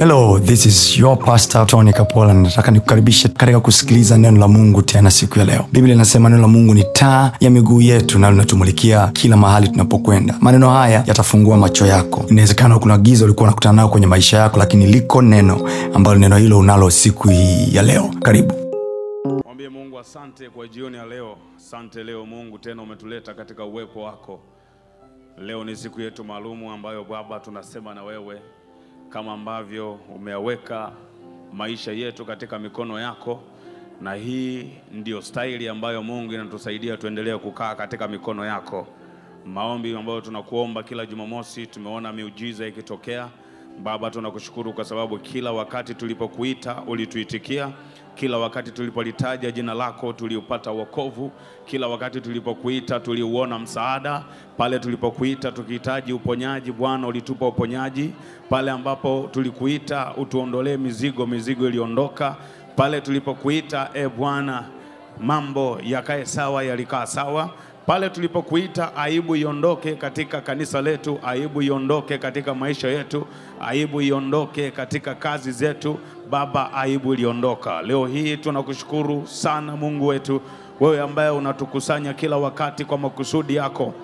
Hello, this is your pastor Tony Kapola. Nataka nikukaribishe katika kusikiliza neno la Mungu tena siku ya leo. Biblia inasema neno la Mungu ni taa ya miguu yetu na linatumulikia kila mahali tunapokwenda. Maneno haya yatafungua macho yako. Inawezekana kuna giza ulikuwa unakutana nao kwenye maisha yako, lakini liko neno ambalo neno hilo unalo siku hii ya leo. Karibu. Mwambie Mungu asante kwa jioni ya leo. Asante leo Mungu tena umetuleta katika uwepo wako. Leo ni siku yetu maalumu ambayo Baba tunasema na wewe kama ambavyo umeaweka maisha yetu katika mikono yako, na hii ndiyo staili ambayo Mungu inatusaidia tuendelee kukaa katika mikono yako. Maombi ambayo tunakuomba kila Jumamosi, tumeona miujiza ikitokea. Baba, tunakushukuru kwa sababu kila wakati tulipokuita ulituitikia. Kila wakati tulipolitaja jina lako tuliupata wokovu. Kila wakati tulipokuita tuliuona msaada. Pale tulipokuita tukihitaji uponyaji, Bwana ulitupa uponyaji. Pale ambapo tulikuita utuondolee mizigo, mizigo iliondoka. Pale tulipokuita, e Bwana, mambo yakae sawa, yalikaa sawa. Pale tulipokuita aibu iondoke katika kanisa letu, aibu iondoke katika maisha yetu, aibu iondoke katika kazi zetu. Baba, aibu iliondoka. Leo hii tunakushukuru sana Mungu wetu, wewe ambaye unatukusanya kila wakati kwa makusudi yako,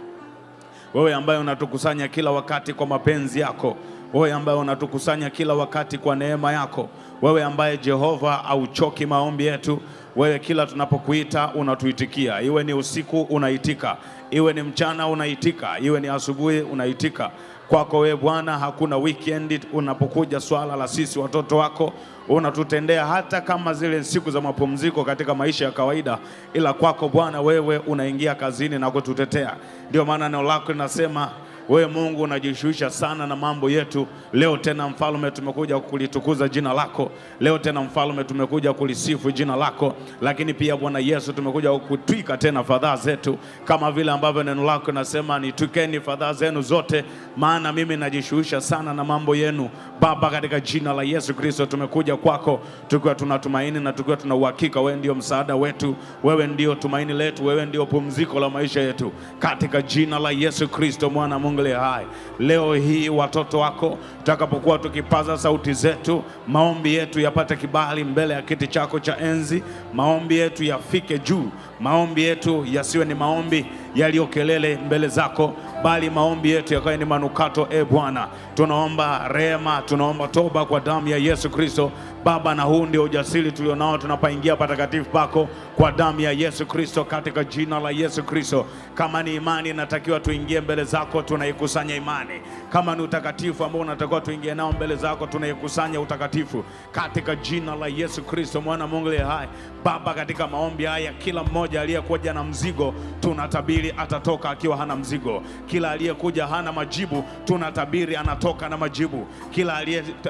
wewe ambaye unatukusanya kila wakati kwa mapenzi yako, wewe ambaye unatukusanya kila wakati kwa neema yako, wewe ambaye Jehova auchoki maombi yetu wewe kila tunapokuita unatuitikia, iwe ni usiku unaitika, iwe ni mchana unaitika, iwe ni asubuhi unaitika. Kwako wewe Bwana hakuna weekend. Unapokuja swala la sisi watoto wako unatutendea hata kama zile siku za mapumziko katika maisha ya kawaida, ila kwako Bwana wewe unaingia kazini na kututetea. Ndio maana neno lako linasema wewe Mungu unajishughulisha sana na mambo yetu. Leo tena mfalme, tumekuja kulitukuza jina lako. Leo tena mfalme, tumekuja kulisifu jina lako, lakini pia Bwana Yesu, tumekuja kutwika tena fadhaa zetu, kama vile ambavyo neno lako nasema, nitwikeni fadhaa zenu zote, maana mimi najishughulisha sana na mambo yenu. Baba, katika jina la Yesu Kristo tumekuja kwako tukiwa tunatumaini na tukiwa tuna uhakika wewe ndio msaada wetu, wewe ndio tumaini letu, wewe ndio pumziko la maisha yetu, katika jina la Yesu Kristo mwana Mungu maombi hai. Leo hii watoto wako tutakapokuwa tukipaza sauti zetu, maombi yetu yapate kibali mbele ya kiti chako cha enzi, maombi yetu yafike juu Maombi yetu yasiwe ni maombi yaliyo kelele mbele zako, bali maombi yetu yakawe ni manukato. E Bwana, tunaomba rehema, tunaomba toba kwa damu ya Yesu Kristo Baba, na huu ndio ujasiri tulionao, tunapaingia patakatifu pako kwa damu ya Yesu Kristo, katika jina la Yesu Kristo. Kama ni imani inatakiwa tuingie mbele zako, tunaikusanya imani. Kama ni utakatifu ambao unatakiwa tuingie nao mbele zako, tunaikusanya utakatifu katika jina la Yesu Kristo, mwana Mungu hai. Baba, katika maombi haya kila mmoja mmoja aliyekuja na mzigo, tunatabiri atatoka akiwa hana mzigo. Kila aliyekuja hana majibu, tunatabiri anatoka na majibu. Kila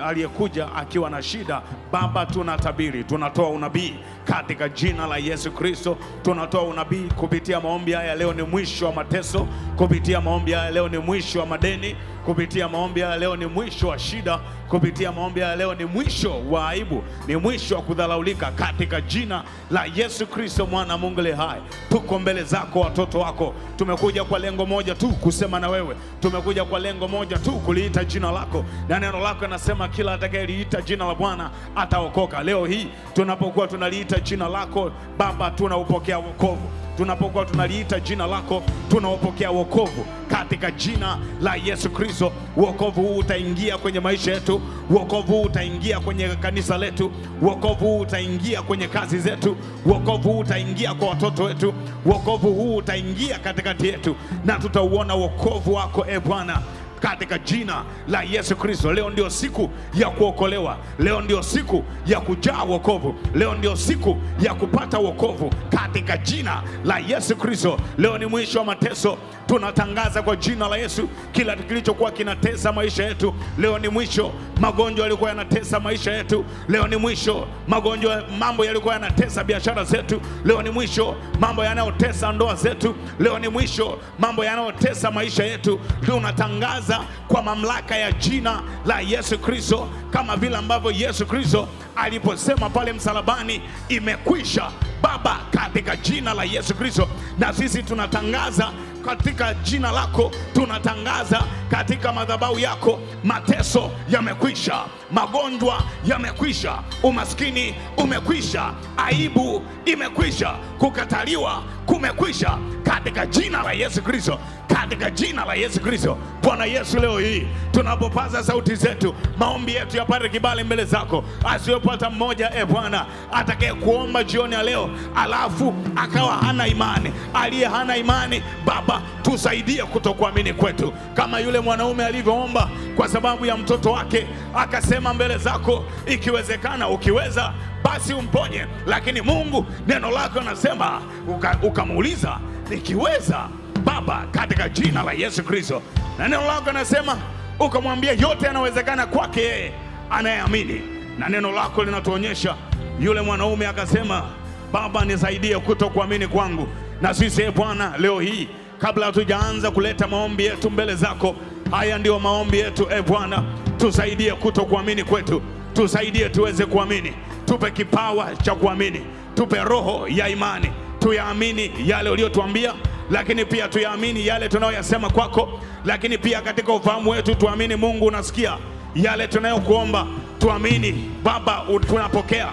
aliyekuja akiwa na shida, Baba, tunatabiri, tunatoa unabii katika jina la Yesu Kristo. Tunatoa unabii kupitia maombi haya, leo ni mwisho wa mateso. Kupitia maombi haya, leo ni mwisho wa madeni Kupitia maombi haya leo ni mwisho wa shida, kupitia maombi haya leo ni mwisho wa aibu, ni mwisho wa kudhalaulika katika jina la Yesu Kristo mwana Mungu le hai. Tuko mbele zako, watoto wako, tumekuja kwa lengo moja tu, kusema na wewe, tumekuja kwa lengo moja tu, kuliita jina lako, na neno lako linasema kila atakayeliita jina la Bwana ataokoka. Leo hii tunapokuwa tunaliita jina lako Baba, tunaupokea wokovu tunapokuwa tunaliita jina lako tunaopokea wokovu katika jina la Yesu Kristo. Wokovu huu utaingia kwenye maisha yetu, wokovu huu utaingia kwenye kanisa letu, wokovu huu utaingia kwenye kazi zetu, wokovu huu utaingia kwa watoto wetu, wokovu huu utaingia katikati yetu, na tutauona wokovu wako e Bwana katika jina la Yesu Kristo. Leo ndio siku ya kuokolewa, leo ndio siku ya kujaa wokovu, leo ndio siku ya kupata wokovu katika jina la Yesu Kristo. Leo ni mwisho wa mateso, tunatangaza kwa jina la Yesu kila kilichokuwa kinatesa maisha yetu, leo ni mwisho. Magonjwa yalikuwa yanatesa maisha yetu, leo ni mwisho. Magonjwa, mambo yalikuwa yanatesa biashara zetu, leo ni mwisho. Mambo yanayotesa ndoa zetu, leo ni mwisho. Mambo yanayotesa maisha yetu, tunatangaza kuanza kwa mamlaka ya jina la Yesu Kristo, kama vile ambavyo Yesu Kristo aliposema pale msalabani, imekwisha Baba, katika jina la Yesu Kristo. Na sisi tunatangaza katika jina lako, tunatangaza katika madhabahu yako, mateso yamekwisha magonjwa yamekwisha, umaskini umekwisha, aibu imekwisha, kukataliwa kumekwisha, katika jina la Yesu Kristo, katika jina la Yesu Kristo. Bwana Yesu, leo hii tunapopaza sauti zetu, maombi yetu yapate kibali mbele zako, asiyopata mmoja e Bwana atakaye kuomba jioni ya leo alafu akawa hana imani, aliye hana imani, Baba tusaidie kutokuamini kwetu, kama yule mwanaume alivyoomba kwa sababu ya mtoto wake akasema Sema mbele zako, ikiwezekana, ukiweza basi umponye. Lakini Mungu neno lako anasema, ukamuuliza uka nikiweza, Baba, katika jina la Yesu Kristo, na neno lako anasema, ukamwambia yote yanawezekana kwake yeye anayeamini. Na neno lako linatuonyesha yule mwanaume akasema, Baba, nisaidie kutokuamini kwangu. Na sisi e Bwana, leo hii kabla hatujaanza kuleta maombi yetu mbele zako, haya ndiyo maombi yetu e Bwana tusaidie kuto kuamini kwetu, tusaidie tuweze kuamini, tupe kipawa cha kuamini, tupe roho ya imani, tuyaamini yale uliyotuambia, lakini pia tuyaamini yale tunayoyasema kwako, lakini pia katika ufahamu wetu tuamini, Mungu unasikia yale tunayokuomba, tuamini Baba tunapokea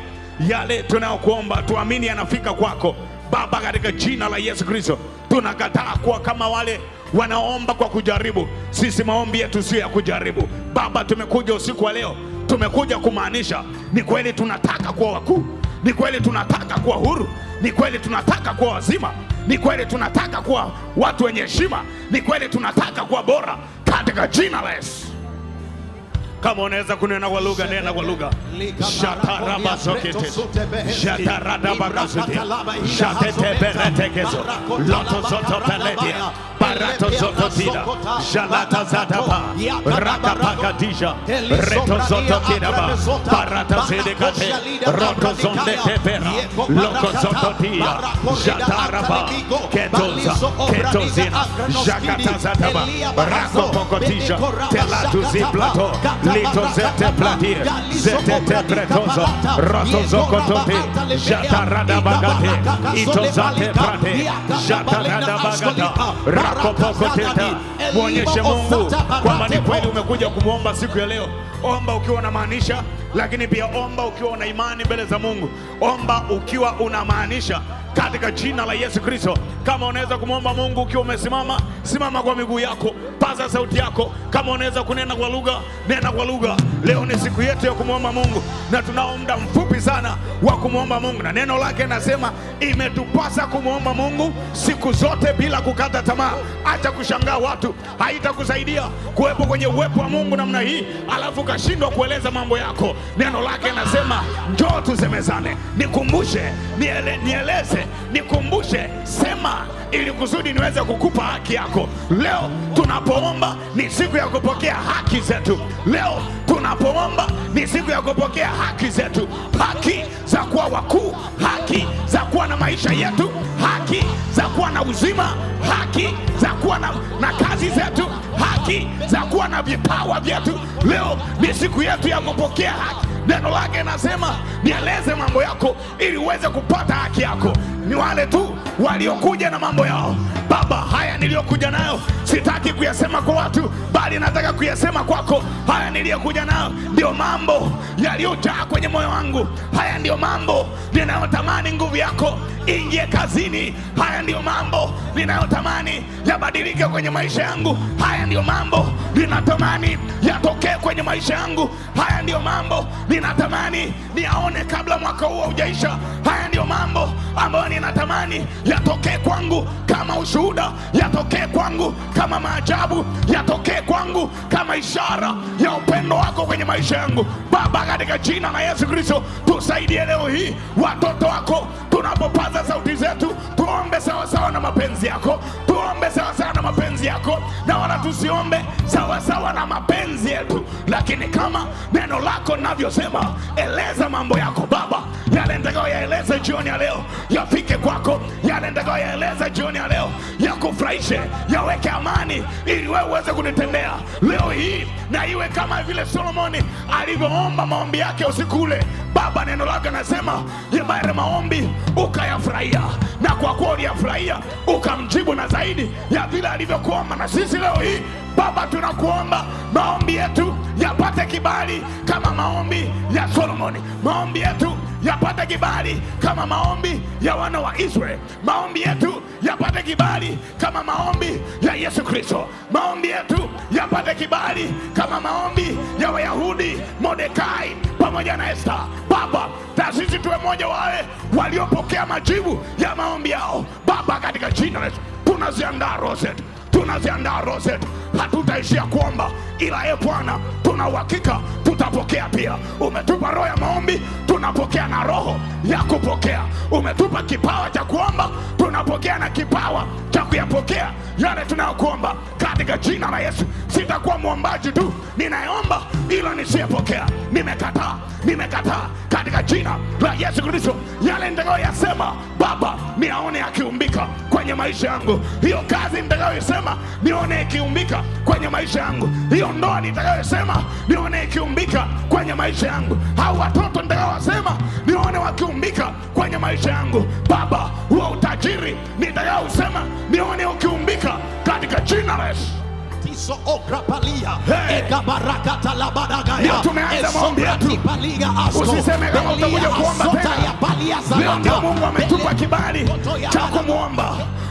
yale tunayokuomba, tuamini yanafika kwako Baba, katika jina la Yesu Kristo tunakataa kuwa kama wale wanaomba kwa kujaribu. Sisi maombi yetu sio ya kujaribu. Baba, tumekuja usiku wa leo, tumekuja kumaanisha, ni kweli tunataka kuwa wakuu, ni kweli tunataka kuwa huru, ni kweli tunataka kuwa wazima, ni kweli tunataka kuwa watu wenye heshima, ni kweli tunataka kuwa bora, katika jina la Yesu. kama unaweza kunena kwa lugha, nena kwa lugha. shatarabazokete shataradabakazute shatetebeletekezo lotozotopeledia baratozototida shalatazataba rakapakadija retozotokidaba baratazedekate rotozondetepera lokozototia shataraba ketoza ketozina shakatazataba rakopokotija telatuziplato Lito zete plati, zete te pretozo, rato zoko zokotote, jata rada bagate, ito zate prate, jata rada bagata, rako poko teta. Mwonyeshe Mungu kwa mani kweli umekuja kumuomba siku ya leo. Omba ukiwa na unamaanisha, lakini pia omba ukiwa na imani mbele za Mungu. Omba ukiwa unamaanisha katika jina la Yesu Kristo. Kama unaweza kumwomba Mungu ukiwa umesimama, simama kwa miguu yako, paza sauti yako. Kama unaweza kunena kwa lugha, nena kwa lugha. Leo ni siku yetu ya kumwomba Mungu na tunao muda mfupi sana wa kumwomba Mungu, na neno lake nasema imetupasa kumwomba Mungu siku zote bila kukata tamaa. Acha kushangaa watu, haitakusaidia kuwepo kwenye uwepo wa Mungu namna hii alafu ukashindwa kueleza mambo yako. Neno lake nasema njoo tusemezane, nikumbushe, niele, nieleze nikumbushe, sema ili kusudi niweze kukupa haki yako. Leo tunapoomba ni siku ya kupokea haki zetu. Leo tunapoomba ni siku ya kupokea haki zetu, haki za kuwa wakuu, haki za kuwa na maisha yetu, haki za kuwa na uzima, haki za kuwa na, na kazi zetu, haki za kuwa na vipawa vyetu. Leo ni siku yetu ya kupokea haki. Neno lake nasema nieleze mambo yako ili uweze kupata haki yako ni wale tu waliokuja na mambo yao. Baba, haya niliyokuja nayo sitaki kuyasema kwa watu, bali nataka kuyasema kwako. Haya niliyokuja nayo ndiyo mambo yaliyojaa kwenye moyo wangu. Haya ndiyo mambo ninayotamani nguvu yako ingie kazini. Haya ndiyo mambo ninayotamani yabadilike kwenye maisha yangu. Haya ndiyo mambo ninatamani yatokee kwenye maisha yangu. Haya ndiyo mambo ninatamani niyaone kabla mwaka huo ujaisha Haya ndiyo mambo ambayo ninatamani yatokee kwangu kama ushuhuda, yatokee kwangu kama maajabu, yatokee kwangu kama ishara ya upendo wako kwenye maisha yangu. Baba, katika jina la Yesu Kristo, tusaidie leo hii watoto wako tunapopaza tunapopaza sauti zetu tuombe sawasawa na mapenzi yako, tuombe sawasawa na mapenzi yako, na wala tusiombe sawasawa na mapenzi yetu, lakini kama neno lako linavyosema, eleza mambo yako Baba, yale nitakayo yaeleze jioni ya leo yafike kwako, yale nitakayo yaeleze jioni ya leo yakufurahishe, yaweke amani, ili wewe uweze kunitendea leo hii, na iwe kama vile Solomoni alivyoomba maombi yake usiku ule. Baba, neno lako nasema yebare maombi ukayaf uliyafurahia, na kwa kuwa uliyafurahia ukamjibu na zaidi ya vile alivyokuomba. Na sisi leo hii Baba, tunakuomba maombi yetu yapate kibali kama maombi ya Solomoni, maombi yetu yapate kibali kama maombi ya wana wa Israeli. Maombi yetu yapate kibali kama maombi ya Yesu Kristo. Maombi yetu yapate kibali kama maombi ya Wayahudi, Mordekai pamoja na Esta. Baba, taasisi tuwe moja wawe waliopokea majibu ya maombi yao. Baba, katika jina la Yesu tunaziandaa roho zetu, tunaziandaa roho zetu, hatutaishia kuomba ila ye Bwana, tuna uhakika tutapokea pia. Umetupa roho ya maombi, tunapokea na roho ya kupokea. Umetupa kipawa cha kuomba, tunapokea na kipawa cha kuyapokea yale tunayokuomba katika jina la Yesu. Sitakuwa mwombaji tu ninayeomba, ila nisiyepokea. Nimekataa, nimekataa katika jina la Yesu Kristo. Yale nitakayoyasema Baba, niyaone yakiumbika kwenye maisha yangu. Hiyo kazi nitakayoisema nione ikiumbika kwenye maisha yangu hiyo ndiyo ndoa nitakayosema nione ikiumbika kwenye maisha yangu, au watoto nitakaowasema nione wakiumbika kwenye maisha yangu. Baba, huo utajiri nitakaousema nione ukiumbika katika jina la Yesu. tumeanza Mungu ametupa kibali cha kumwomba.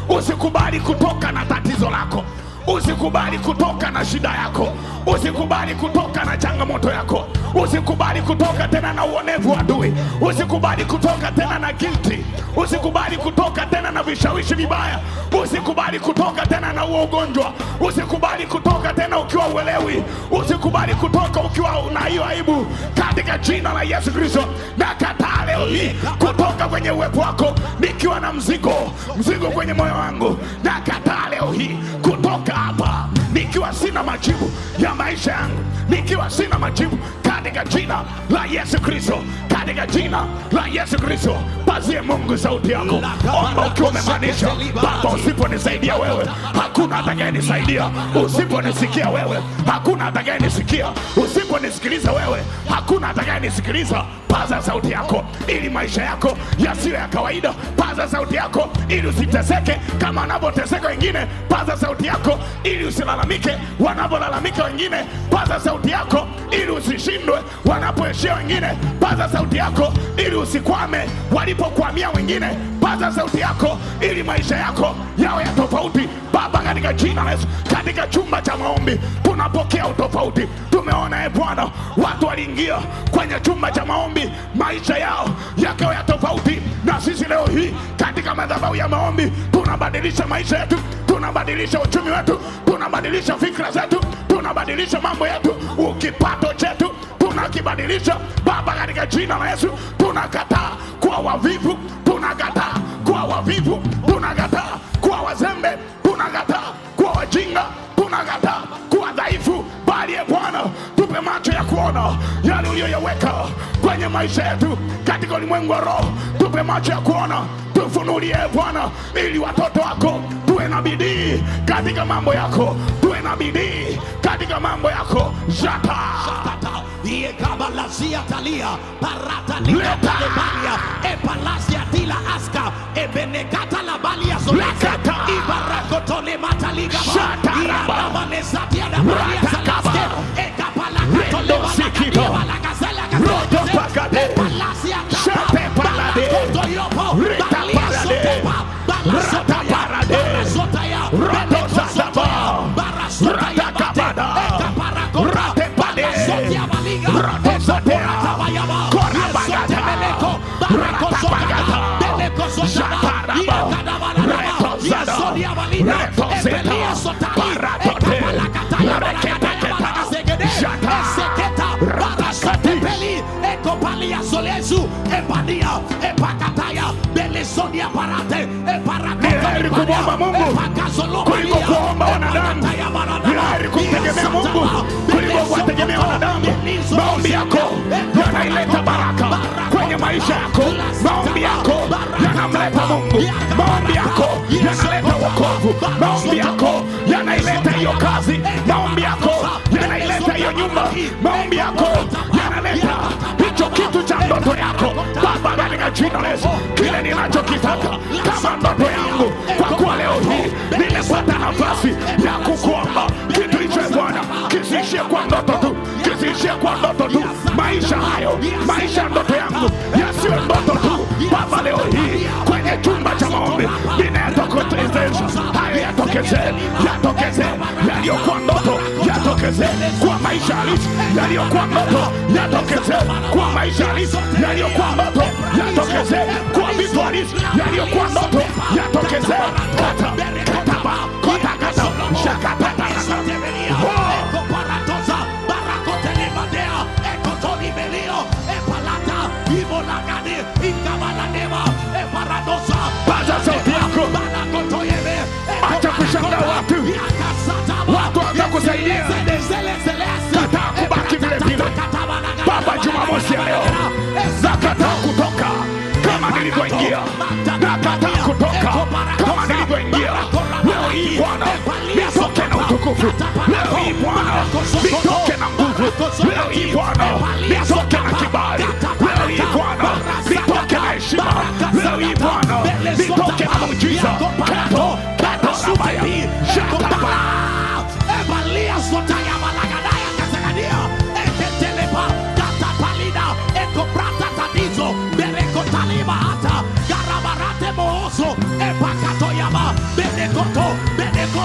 Usikubali kutoka na tatizo lako. Usikubali kutoka na shida yako, usikubali kutoka na changamoto yako, usikubali kutoka tena na uonevu wa adui, usikubali kutoka tena na guilty, usikubali kutoka tena na vishawishi vibaya, usikubali kutoka tena na uogonjwa ugonjwa, usikubali kutoka tena ukiwa uelewi, usikubali kutoka ukiwa na hiyo aibu. Katika jina la Yesu Kristo nakataa leo hii kutoka kwenye uwepo wako nikiwa na mzigo, mzigo kwenye moyo wangu, nakataa leo hii kutoka hapa nikiwa sina majibu ya maisha yangu, nikiwa sina majibu katika jina la Yesu Kristo, katika jina la Yesu Kristo. Pazie Mungu sauti yako, omba ukiwa umemaanisha Baba, usiponisaidia wewe hakuna atakayenisaidia, usiponisikia wewe hakuna atakayenisikia, usiponisikiliza wewe hakuna atakayenisikiliza. Paza sauti yako ili maisha yako yasiyo ya kawaida. Paza sauti yako ili usiteseke kama wanavyoteseka wengine. Paza sauti yako ili usilalamike wanapolalamika wengine. Paza sauti yako ili usishindwe wewe, wanapoishia wengine, paza sauti yako ili usikwame. Walipokwamia wengine, paza sauti yako ili maisha yako yawe ya tofauti. Baba, katika jina la Yesu, katika chumba cha maombi tunapokea utofauti. Tumeona e Bwana, watu waliingia kwenye chumba cha maombi, maisha yao yakawa ya tofauti, na sisi leo hii katika madhabahu ya maombi tunabadilisha maisha yetu, tunabadilisha uchumi wetu, tunabadilisha fikra zetu, tunabadilisha mambo yetu, ukipato chetu tunakibadilisha Baba, katika jina la Yesu. Tunakataa kuwa wavivu, tunakataa kuwa wavivu, tunakataa kuwa wazembe, tunakataa kuwa wajinga, tunakataa kuwa dhaifu, bali ye Bwana macho ya kuona yale uliyoyaweka kwenye maisha yetu katika ulimwengu wa roho. Tupe macho ya kuona, tufunulie Bwana, ili watoto wako tuwe na bidii katika mambo yako, tuwe na bidii katika mambo yako zata talia epalasia tila aska ebenekata zalaske Rendo Sikito rabasatepeli ekopalia solezu epania epakataya belesonia parate eparakotaipalia maisha yako, hiyo nyumba. Maombi yako yanaleta hicho kitu cha ndoto yako. Baba, katika jina la Yesu, kile ninachokitaka kama ndoto yangu, kwa kuwa leo hii nimepata nafasi ya kukuomba kitu hicho, Bwana, kisiishie kwa ndoto tu, kisiishie kwa ndoto tu. Maisha hayo, maisha ya ndoto yangu yasiwe ndoto tu. Baba, leo hii kwenye chumba cha maombi ninayatokezesha hayo, yatokeze, yatokeze yaliyokuwa ndoto yatokeze kwa maisha halisi, yaliyokuwa ndoto yatokeze kwa maisha halisi, yaliyokuwa ndoto yatokeze kwa vitu halisi, yaliyokuwa ndoto yatokeze kata kata kata kata shakata kata Baba de uma moça Zakataku toca Kama nili kuingia Zakataku toca Kama nili kuingia Leo hii Bwana Nitoke na utukufu Leo hii Bwana Nitoke na nguvu Leo hii não Nitoke na kibali Leo hii Bwana Nitoke na heshima Leo hii Bwana Nitoke na muujiza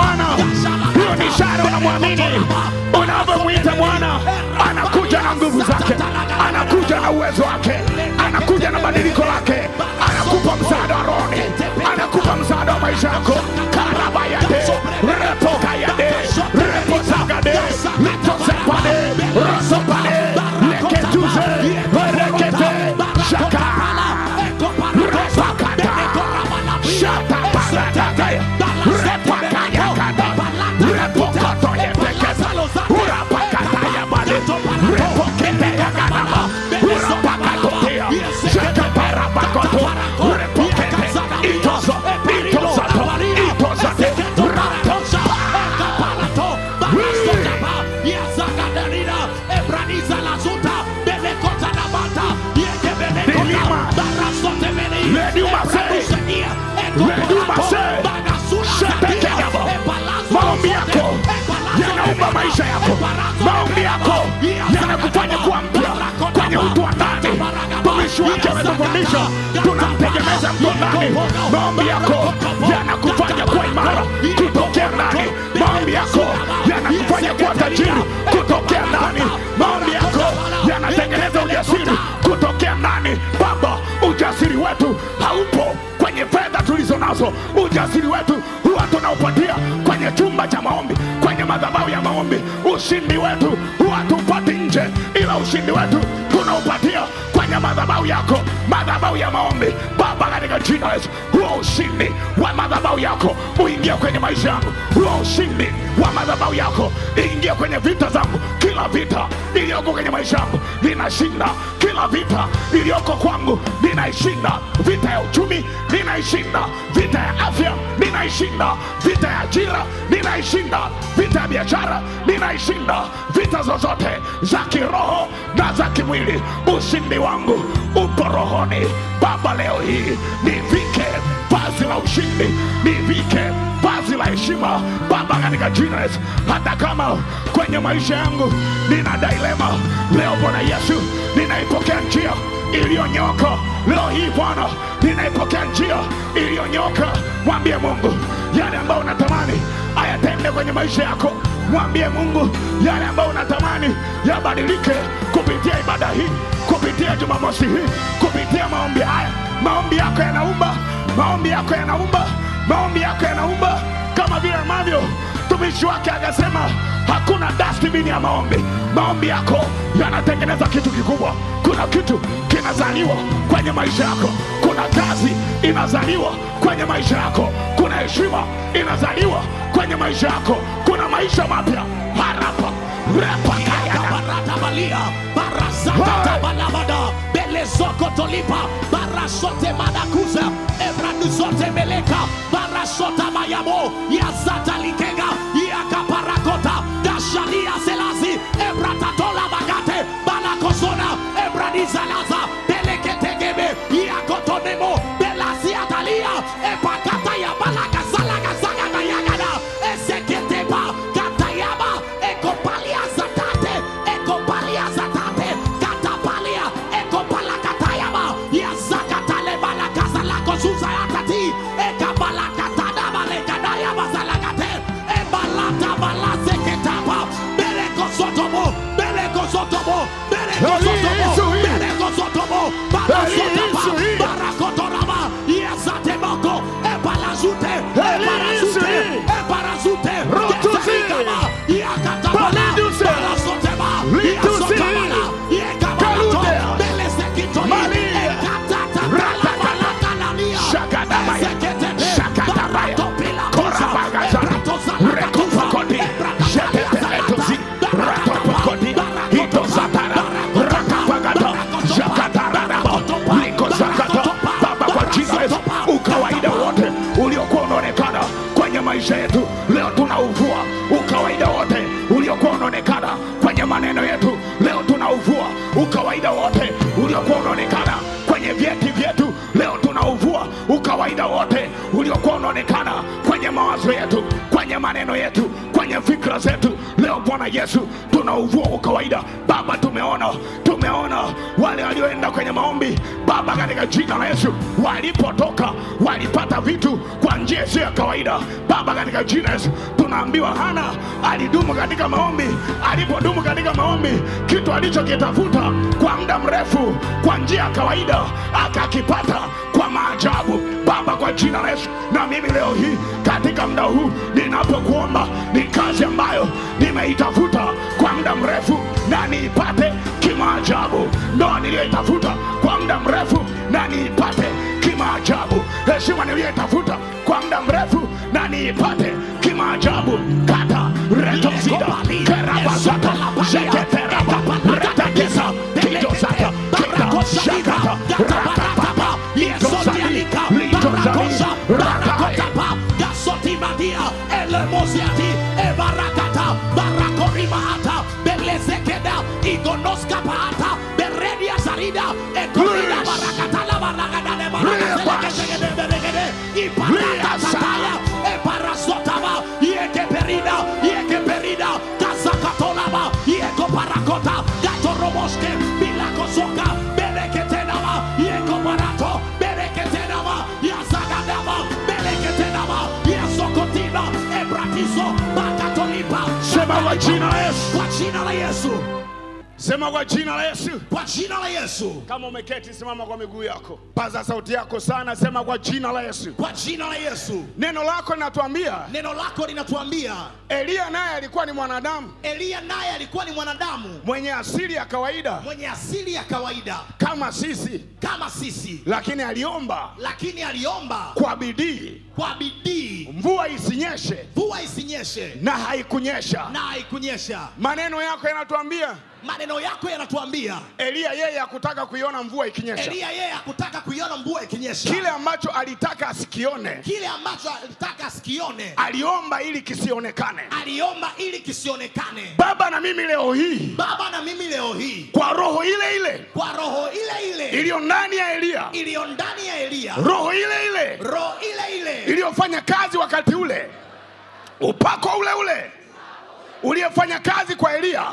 Bwana. Hiyo ni ishara unamwamini, unavyomwita Bwana anakuja na nguvu zake, anakuja na uwezo wake, anakuja na badiliko lake, anakupa msaada wa rohoni, anakupa msaada wa maisha yako. kusimamisha, tunamtegemeza mkonani. Maombi yako yanakufanya kuwa imara, kutokea ndani. Maombi yako yanakufanya kuwa tajiri, kutokea ndani. Maombi yako yanatengeneza ujasiri, kutokea ndani. Baba, ujasiri wetu haupo kwenye fedha tulizo nazo. Ujasiri wetu huwa tunaupatia kwenye chumba cha maombi, kwenye madhabau ya maombi. Ushindi wetu huwa tupati nje, ila ushindi wetu tunaupatia Mother, bow your maombi baba katika jina la Yesu ushindi wa madhabahu yako uingie kwenye maisha yangu, roho ushindi wa madhabahu yako ingie kwenye vita zangu. Kila vita iliyoko kwenye maisha yangu ninashinda, kila vita iliyoko kwangu ninaishinda. Vita ya uchumi ninaishinda, vita ya afya ninaishinda, vita ya ajira ninaishinda, vita ya biashara ninaishinda, vita zozote za kiroho na za kimwili. Ushindi wangu upo rohoni. Baba, leo hii nivike vazi la ushindi nivike vazi la heshima Baba, katika jina Yesu. Hata kama kwenye maisha yangu nina dilema leo, Bwana Yesu, ninaipokea njia iliyonyoka leo hii Bwana, ninaipokea njia iliyonyoka. Mwambie Mungu yale ambayo unatamani ayatende kwenye maisha yako. Mwambie Mungu yale ambayo unatamani yabadilike kupitia ibada hii, kupitia Jumamosi hii, kupitia maombi haya. Maombi yako yanaumba maombi yako yanaumba, maombi yako yanaumba kama vile ambavyo mtumishi wake akasema hakuna dustbin ya maombi. Maombi yako yanatengeneza kitu kikubwa. Kuna kitu kinazaliwa kwenye maisha yako, kuna kazi inazaliwa kwenye maisha yako, kuna heshima inazaliwa kwenye maisha yako, kuna maisha mapya harapa repaaabaratabalia barasakatabalabada belezokotolipa barasote madakuza Lizote Meleka, Barashota Mayamo, Yazata Likega, Iaka Parakota, Dasharia Selazi, Ebratatola Bagate, Balakosona, Ebradiza Laza, Beleketebe, Iakotonemo, Belasia Talia, Epa. anaonekana kwenye mawazo yetu, kwenye maneno yetu, kwenye fikra zetu. Leo Bwana Yesu, tunauvua kawaida Baba, tumeona tumeona wale walioenda kwenye maombi Baba, katika jina la Yesu, walipotoka walipata vitu kwa njia isiyo ya kawaida Baba, katika jina la Yesu. Tunaambiwa Hana alidumu katika maombi. Alipodumu katika maombi, kitu alichokitafuta kwa muda mrefu kwa njia ya kawaida akakipata kwa maajabu. Baba, kwa jina la Yesu. Na mimi leo hii katika muda huu ninapokuomba, ni kazi ambayo nimeitafuta kwa muda mrefu na niipate kimaajabu. Ndoa niliyoitafuta kwa muda mrefu na niipate kimaajabu. Heshima niliyoitafuta kwa muda mrefu na niipate kimaajabu. kata retosida kerabazata zeketeraba retakisa kijosata kita shakata El hermoso e barakata barakorimata y conozca paata beredia sarida salida corrida la de y Počínaje Jesu. Počínaje Jesu. Sema kwa jina la Yesu. Kwa jina la Yesu. Kama umeketi simama kwa miguu yako. Paza sauti yako sana, sema kwa jina la Yesu. Kwa jina la Yesu. Neno lako linatuambia. Neno lako linatuambia. Eliya naye alikuwa ni mwanadamu. Eliya naye alikuwa ni mwanadamu. Mwenye asili ya kawaida. Mwenye asili ya kawaida. Kama sisi. Kama sisi. Lakini aliomba. Lakini aliomba. Kwa bidii. Kwa bidii. Mvua isinyeshe. Mvua isinyeshe. Na haikunyesha. Na haikunyesha. Maneno yako yanatuambia maneno yako yanatuambia Eliya yeye hakutaka kuiona mvua ikinyesha. Eliya yeye hakutaka kuiona mvua ikinyesha. Kile ambacho alitaka asikione, kile ambacho alitaka asikione, aliomba ili kisionekane, aliomba ili kisionekane. Baba na mimi leo hii, Baba na mimi leo hii, kwa roho ile ile, kwa roho ile ile iliyo ndani ya Eliya, iliyo ndani ya Eliya, roho ile ile, roho ile ile iliyofanya kazi wakati ule, upako ule ule uliyefanya kazi kwa Eliya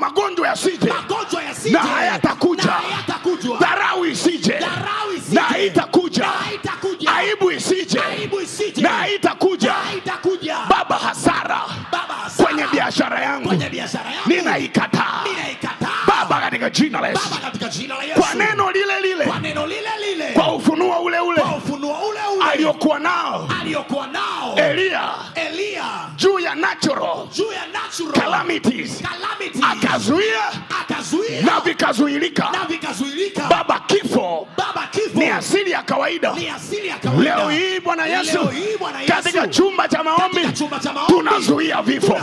magonjwa yasije na hayatakuja, dharau isije na haitakuja, aibu isije na itakuja Baba, hasara kwenye biashara yangu ninaikataa Baba katika jina la Yesu, kwa neno lile lile, kwa, lile. kwa ufunuo ule ule, ule. aliyokuwa nao, nao Elia, Elia juu ya natural, natural calamities, calamities. akazuia na vikazuilika Baba kifo, Baba kifo ni asili ya kawaida. Leo hii Bwana Yesu, katika chumba cha maombi tunazuia vifo.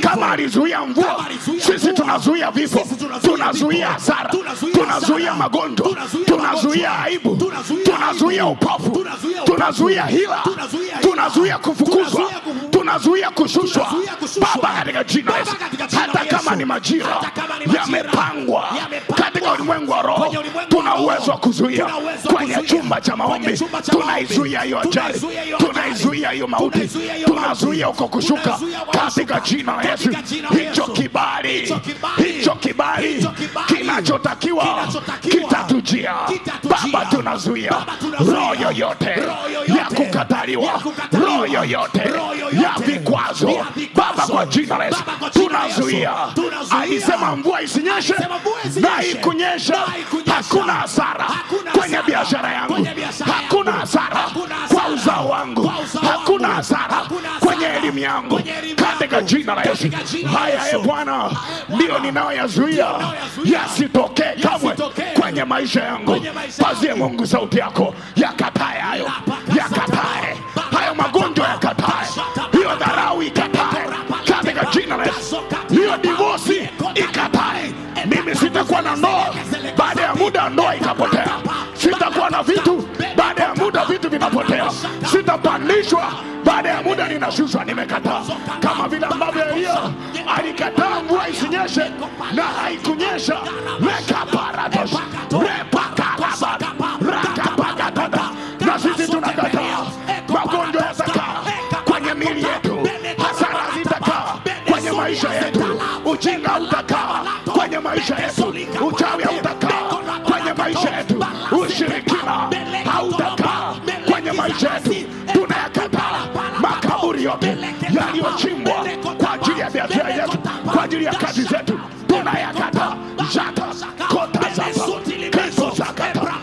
Kama alizuia mvua, sisi tunazuia vifo, tunazuia hasara, tunazuia magonjwa, tunazuia aibu, tunazuia upofu, tunazuia hila, tunazuia kufukuzwa, tunazuia kushushwa, Baba, katika jina Yesu, hata kama ni majira yamepangwa katika ulimwengu wa roho, tuna uwezo wa kuzuia kwenye chumba cha maombi, tunaizuia hiyo ajali, tunaizuia hiyo mauti, tunazuia uko kushuka katika jina la Yesu. Hicho kibali, hicho kibali kinachotakiwa kitatujia Baba, tunazuia roho yoyote ya kukataliwa, roho yoyote ya vikwazo Baba, kwa jina la Yesu tunazuia. Alisema mvua isinyeshe na ikunyesha, hakuna hasara kwenye biashara biashara yangu, hakuna hasara kwa uzao wangu, hakuna hasara kwenye elimu yangu, katika jina la Yesu. Haya ye eh, Bwana, ndiyo ninayoyazuia yasitokee kamwe kwenye maisha yangu. Pazie Mungu sauti yako, yakatae hayo, yakatae hayo magonjwa, yakatae hiyo dharau, ikatae katika jina la Yesu, hiyo divosi ikatae. Mimi sitakuwa na ndoa baada ya muda ndoa ikapotea. Sitakuwa na vitu, baada ya muda vitu vinapotea. Sitapandishwa, baada ya muda ninashushwa. Nimekataa, kama vile ambavyo Elia alikataa mvua isinyeshe na haikunyesha. rekaparatosh repakalaba rakapagatata. Na sisi tunakataa magonjwa yatakaa kwenye mili yetu, hasara zitakaa kwenye maisha yetu, ujinga utakaa kwenye maisha yetu, uchawi maisha yetu, ushirikina hautaka kwenye maisha yetu. Tunayakataa makaburi yote yaliyochimbwa kwa ajili ya biashara yetu, kwa ajili ya kazi zetu, tunayakataa zaka kota zaka kristo zaka rekata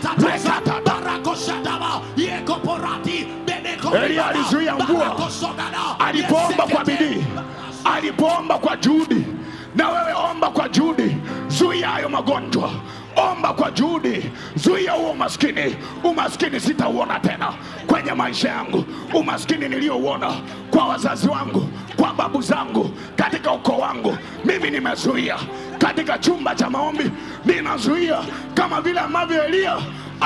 alizuia mvua, alipoomba kwa bidii, alipoomba kwa juhudi. Na wewe omba kwa juhudi, zuia hayo magonjwa omba kwa juhudi, zuia huo umaskini. Umaskini sitauona tena kwenye maisha yangu, umaskini niliyouona kwa wazazi wangu, kwa babu zangu, katika ukoo wangu, mimi nimezuia. Katika chumba cha maombi ninazuia, kama vile ambavyo elia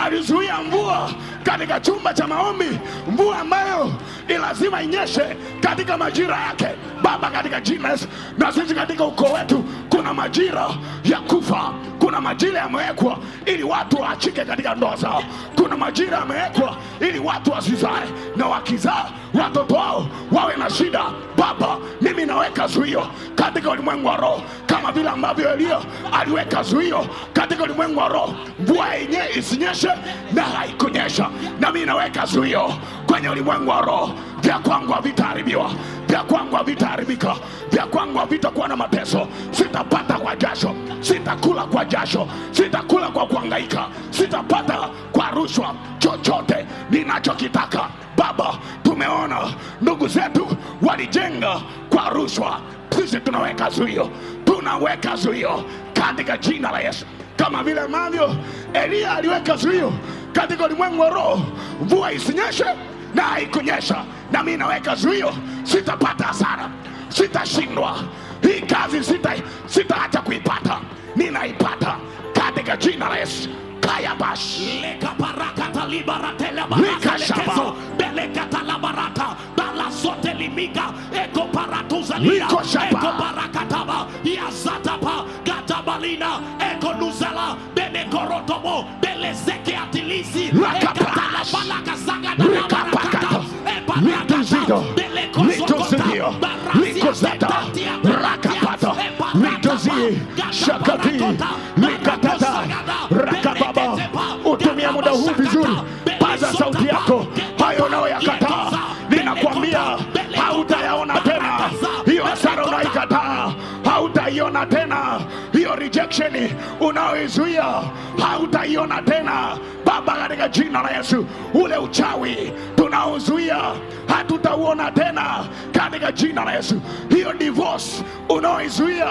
alizuia mvua katika chumba cha maombi, mvua ambayo ni lazima inyeshe katika majira yake. Baba, katika jina Yesu, na sisi katika ukoo wetu kuna majira ya kufa, kuna majira yamewekwa ili watu waachike katika ndoa zao, kuna majira yamewekwa ili watu wasizae, na wakizaa watoto wao wawe na shida. Baba, mimi naweka zuio katika ulimwengu wa roho, kama vile ambavyo Elia aliweka zuio katika ulimwengu wa roho, mvua yenyewe isinyeshe inyeshe na haikunyesha, na mimi naweka zuio kwenye ulimwengu wa roho, vya kwangu havitaharibiwa, vya kwangu havitaharibika, vya kwangu havitakuwa na mateso. Sitapata kwa jasho, sitakula kwa jasho, sitakula kwa kuangaika sitapata kwa rushwa chochote ninachokitaka. Baba, tumeona ndugu zetu walijenga kwa rushwa, sisi tunaweka zuio, tunaweka zuio katika jina la Yesu kama vile ambavyo Eliya aliweka zuio katika ulimwengu wa roho, mvua isinyeshe na haikunyesha, na mimi naweka zuio, sitapata hasara, sitashindwa hii kazi, sita sitaacha kuipata, ninaipata katika jina la Yesu. Kayabash leka baraka talibara baraka lekezo beleka talabarata bala zote limika eko paratuza paratuzalia eko baraka bebe bele zeke atilisi bala na ekatalabala kazaga Litozido, Litozidio, Likozata, Rakapata, Litozi, Shakati, mikatata Rakababa, utumia muda huu vizuri, paza sauti yako, hayo nao yakata ninakwambia hautayaona tena, hiyo hasara unaikataa hautaiona tena rejection unaoizuia hautaiona tena Baba, katika jina la Yesu. Ule uchawi tunaozuia hatutauona tena katika jina la Yesu. Hiyo divorce unaoizuia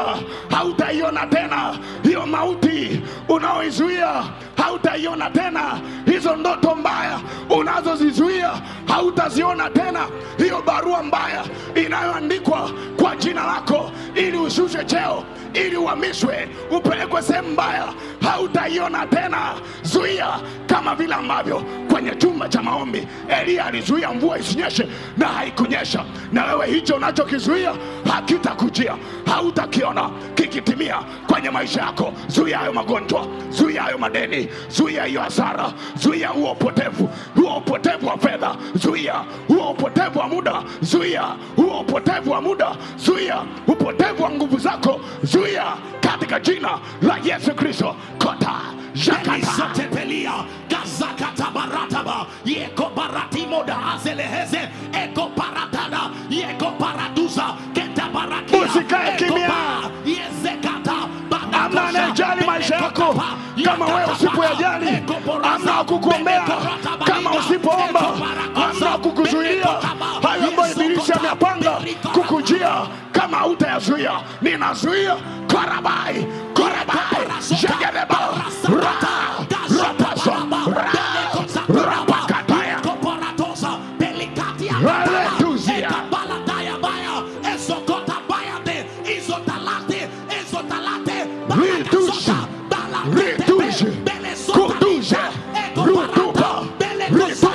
hautaiona tena, hiyo mauti unaoizuia hautaiona tena, hizo ndoto mbaya unazozizuia hautaziona tena, hiyo barua mbaya inayoandikwa kwa jina lako ili ushushe cheo ili uhamishwe upelekwe sehemu mbaya, hautaiona tena. Zuia kama vile ambavyo kwenye chumba cha maombi Eliya alizuia mvua isinyeshe na haikunyesha, na wewe hicho unachokizuia hakitakujia, hautakiona kikitimia kwenye maisha yako. Zuia hayo magonjwa, zuia hayo madeni, zuia hiyo hasara, zuia huo upotevu, huo upotevu wa fedha, zuia huo upotevu wa muda, zuia huo upotevu wa muda, zuia upotevu wa nguvu zako, zuia Haleluya, katika jina la Yesu Kristo kota jakatatepelia gazakatabarataba yekobaratimoda azeleheze ekoparatada yekoparatuza ketabarakia usikae kimya amna anayejali maisha yako kama wewe usipoyajali, amna kukuombea kama usipoomba, amna kukuzuilia hayo ambayo ibilisi ameyapanga kukujia kama utayazuia, ninazuia korabai korabai jegereba rata ratazo rapakataya Hallelujah. Reduz, reduz, conduz, reduca, reduca.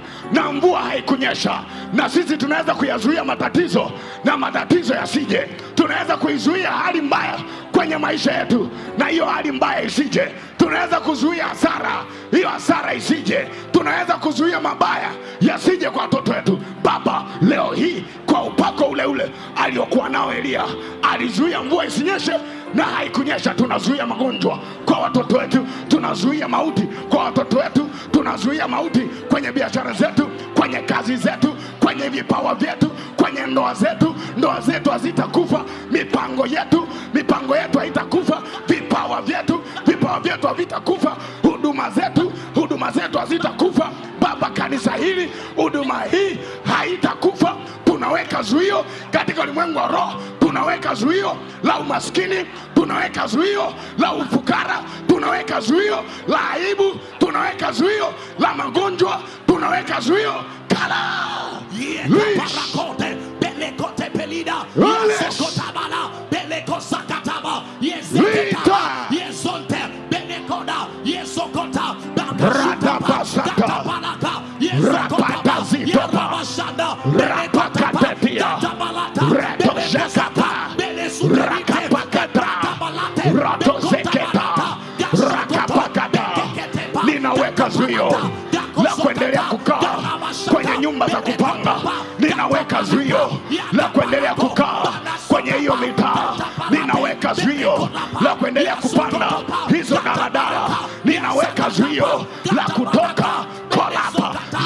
na mvua haikunyesha, na sisi tunaweza kuyazuia matatizo na matatizo yasije. Tunaweza kuizuia hali mbaya kwenye maisha yetu na hiyo hali mbaya isije. Tunaweza kuzuia hasara, hiyo hasara isije. Tunaweza kuzuia mabaya yasije kwa watoto wetu. Baba, leo hii kwa upako ule ule aliokuwa nao Eliya, alizuia mvua isinyeshe na haikunyesha. Tunazuia magonjwa kwa watoto wetu, tunazuia mauti kwa watoto wetu, tunazuia mauti kwenye biashara zetu, kwenye kazi zetu, kwenye vipawa vyetu, kwenye ndoa zetu. Ndoa zetu hazitakufa, mipango yetu, mipango yetu haitakufa, vipawa vyetu, vipawa vyetu havitakufa, huduma zetu, huduma zetu hazitakufa. Baba, kanisa hili, huduma hii haitakufa. Tunaweka zuio katika ulimwengu wa roho tunaweka zuio la umaskini, tunaweka zuio la ufukara, tunaweka zuio la aibu, tunaweka zuio la magonjwa, tunaweka zuio kala yekaparakote belekote pelida yesokotabala belekosakataba yezetekaba yezonte belekoda yesokota bakasutabala Rapatazitopa, Rapakatetia, Retoshekata, la kuendelea kukaa kwenye nyumba za kupanga. Ninaweka zuio la kuendelea kukaa kwenye hiyo mitaa. Ninaweka zuio la kuendelea kupanda hizo daradara Ninaweka zuio la kutoka kolaba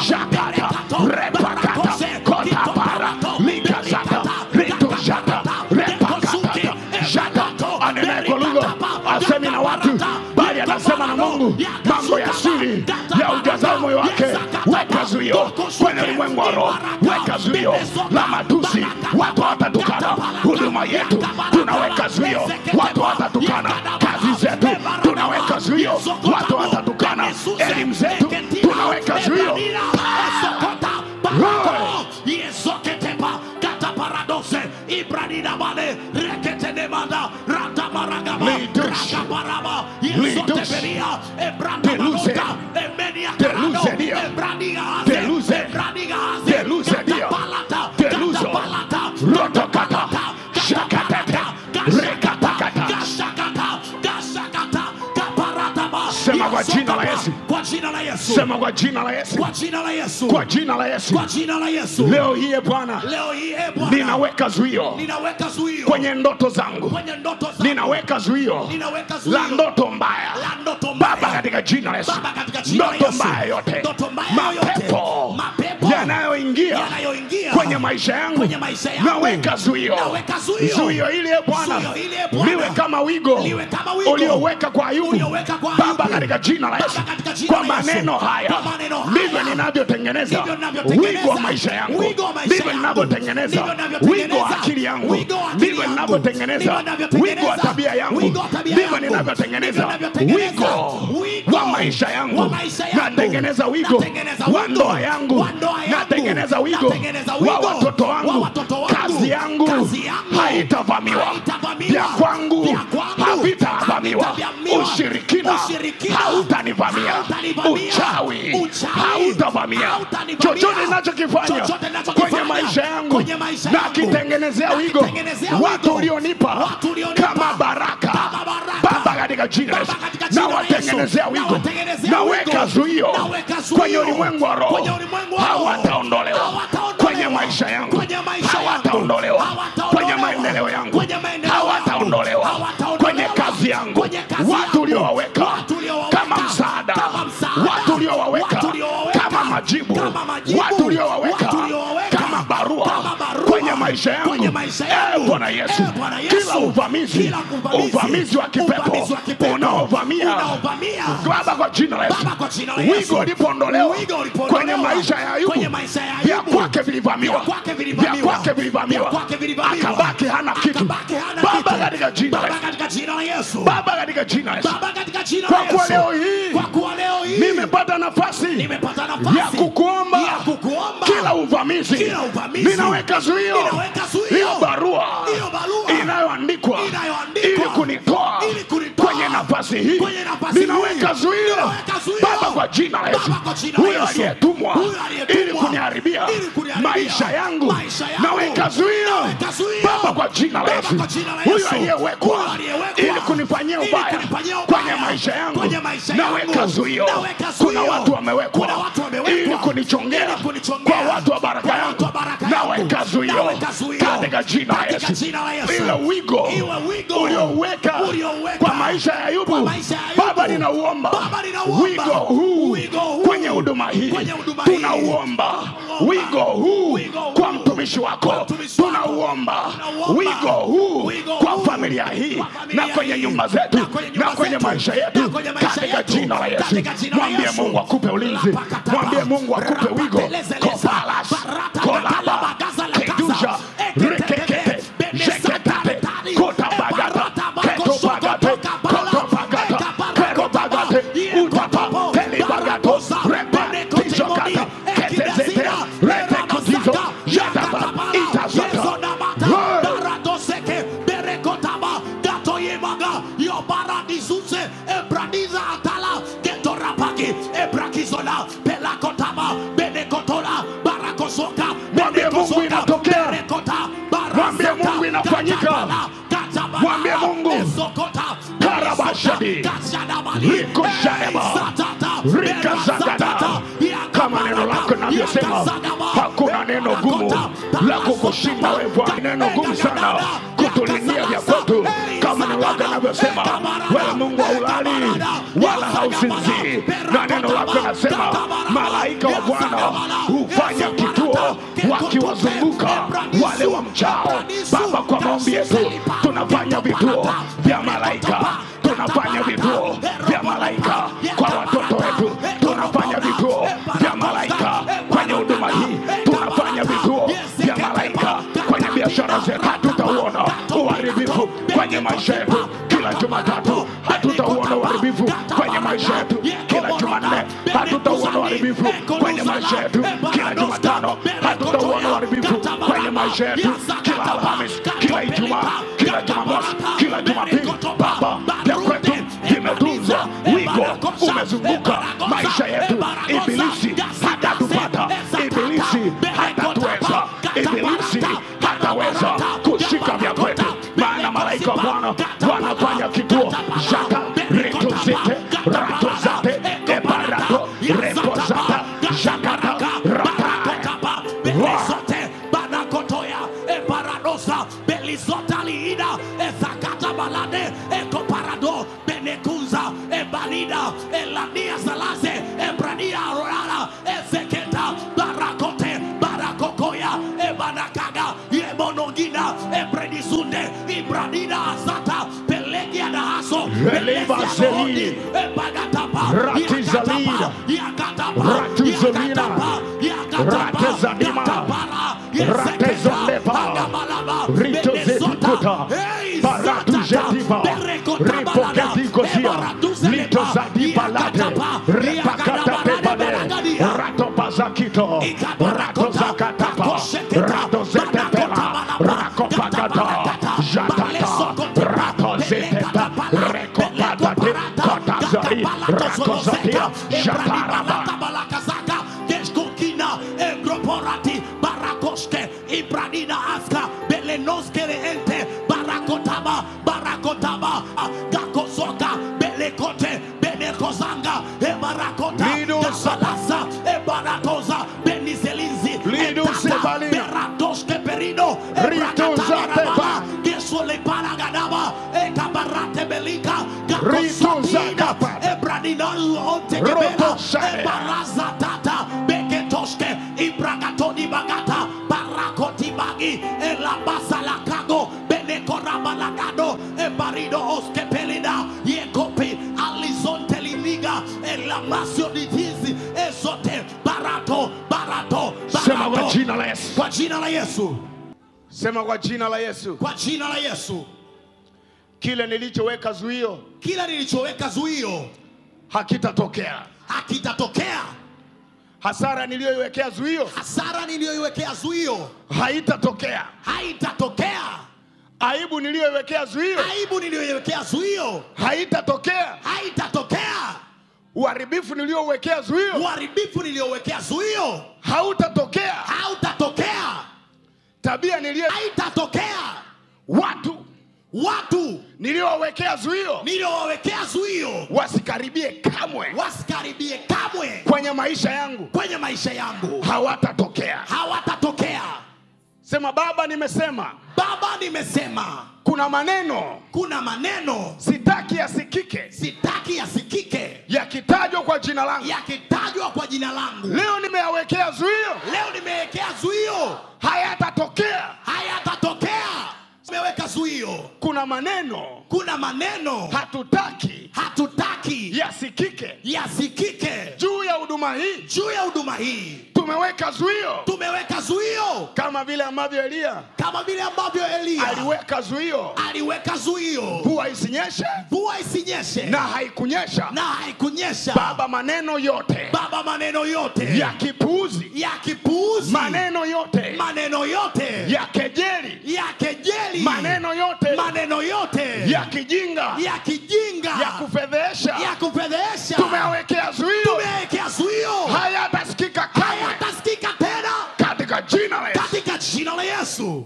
Jakata, Kotapara, Mikasata, Rito Jata, Repakata, Jata, anena kwa lugha asemi na watu na Mungu mambo ya siri ya ujazao moyo wake. Weka zuio kwenye ulimwengu wa roho, weka zuio la matusi, watu watatukana huduma yetu, tunaweka zuio, watu watatukana kazi zetu, tunaweka zuio, watu watatukana elimu zetu Weka you. Esokota bakako. Yezoketepa kataparadose. Ibranina male rekete nemanda. Rata maragama. Rata parama. Yezoteperia. Ebranda Emenia Shakatata. Rekata. Sema kwa jina la Yesu. Kwa jina la Yesu. Sema kwa jina la Yesu. Kwa jina la Yesu. Kwa jina la Yesu. Kwa jina la Yesu. Leo hii e Bwana. Leo hii e Bwana. Ninaweka zuio. Ninaweka zuio. Kwenye ndoto zangu. Kwenye ndoto zangu. Ninaweka zuio. Ninaweka zuio. La ndoto mbaya. La ndoto mbaya. Baba katika jina la Yesu. Baba katika jina la Yesu. Ndoto mbaya yote. Ndoto mbaya yote maisha yangu naweka zuio zuio ili e Bwana liwe kama wigo ulioweka kwa Ayubu. Baba, katika jina la Yesu, kwa maneno haya ndivyo ninavyotengeneza wigo wa maisha yangu, ndivyo ninavyotengeneza wigo wa akili yangu, ndivyo ninavyotengeneza wigo wa tabia yangu, ndivyo ninavyotengeneza wigo wa maisha yangu, natengeneza wigo wa ndoa yangu, natengeneza wigo wa watoto wangu, kazi yangu haitavamiwa, vya kwangu havitavamiwa, ushirikina hautanivamia, uchawi hautavamia, chochote ninachokifanya kwenye maisha yangu na kitengenezea wigo watu ulionipa kama baraka Baba, katika jina Yesu watengenezea wigo, naweka zuio kwenye ulimwengu wa roho, hawataondolewa kwenye maisha maisha yangu, hawataondolewa kwenye maendeleo yangu, hawataondolewa kwenye kazi yangu, watu uliowaweka kama msaada, watu uliowaweka kama majibu, watu uliowaweka kwenye maisha yangu. Ee Bwana Yesu, kila uvamizi uvamizi wa kipepo unaovamia Baba, kwa jina la Yesu, wigo ulipoondolewa kwenye maisha ya Ayubu, vya kwake vilivamiwa, vya kwake vilivamiwa, akabaki hana kitu. Baba, katika jina la Yesu, Baba, katika jina la Yesu, kwa kuwa leo hii nimepata nafasi ya kukuomba kila uvamizi ninaweka zuio hiyo barua inayoandikwa ili kunitoa kwenye nafasi hii, ninaweka zuio Baba, kwa jina la Yesu, huyo aliyetumwa ili kuniharibia maisha yangu, naweka zuio Baba, kwa jina la Yesu, huyo aliyewekwa ili kunifanyia ubaya kwenye maisha yangu, naweka zuio. Kuna watu wamewekwa ili kunichongea kwa watu wa baraka yangu, naweka zuio katika jina la Yesu, ile wigo ulioweka kwa maisha ya Ayubu, Baba, ninauomba wigo huu kwenye huduma hii, tunauomba wigo huu kwa mtumishi wako, tunauomba wigo huu kwa familia hii na kwenye nyumba zetu na kwenye maisha yetu, katika jina la Yesu. Mwambie Mungu akupe ulinzi, mwambie Mungu akupe wigo kopalash kolaba Russia Quelle eh, ma gente, tira de uma dano, a toda hora me viu. Nina after Belenos Kereente Barakotaba Barakotaba Gakosoka Belekote Belekozanga Ebarakota Kasalasa Ebarakosa Benizelinzi Etata Beratos Keperino Ebrakatabaraba Gesole Paragadaba Ekabarate Belika Gakosotina Ebradinalu Ontekebera Ebarazata rabasalakado belekorabalakado ebarido oskepelida yekope alizontelimiga elamasio dijizi ezote barato barato sema kwa jina la Yesu kwa jina la Yesu sema kwa jina la Yesu kwa jina la Yesu kile nilichoweka zuio kila nilichoweka zuio hakitatokea hakitatokea hasara niliyoiwekea zuio, hasara niliyoiwekea zuio haitatokea, haitatokea. Aibu niliyoiwekea zuio, aibu niliyoiwekea zuio haitatokea, haitatokea. Uharibifu niliyouwekea zuio, uharibifu niliyouwekea zuio hautatokea, hautatokea. Tabia niliyo, haitatokea. Watu watu niliowawekea zuio niliowawekea zuio wasikaribie kamwe wasikaribie kamwe kwenye maisha yangu kwenye maisha yangu hawatatokea hawatatokea sema baba nimesema baba nimesema kuna maneno kuna maneno sitaki yasikike sitaki yasikike yakitajwa kwa jina langu yakitajwa kwa jina langu leo nimeyawekea zuio leo nimewekea zuio hayatatokea kazuio. Kuna maneno, kuna maneno hatutaki, hatutaki yasikike, yasikike juu ya huduma hii, juu ya huduma hii tumeweka zuio, tumeweka zuio kama vile ambavyo Elia, kama vile ambavyo Elia aliweka zuio, aliweka zuio, mvua isinyeshe, mvua isinyeshe, na haikunyesha, na haikunyesha. Baba, maneno yote, Baba, maneno yote ya kipuuzi, ya kipuuzi, maneno yote, maneno yote ya kejeli, ya kejeli, maneno yote, maneno yote ya kijinga, ya kijinga, ya kufedhesha, ya kufedhesha, tumewekea zuio, tumewekea zuio, hayatasikika kamwe Hatasikika tena katika jina la katika jina la Yesu.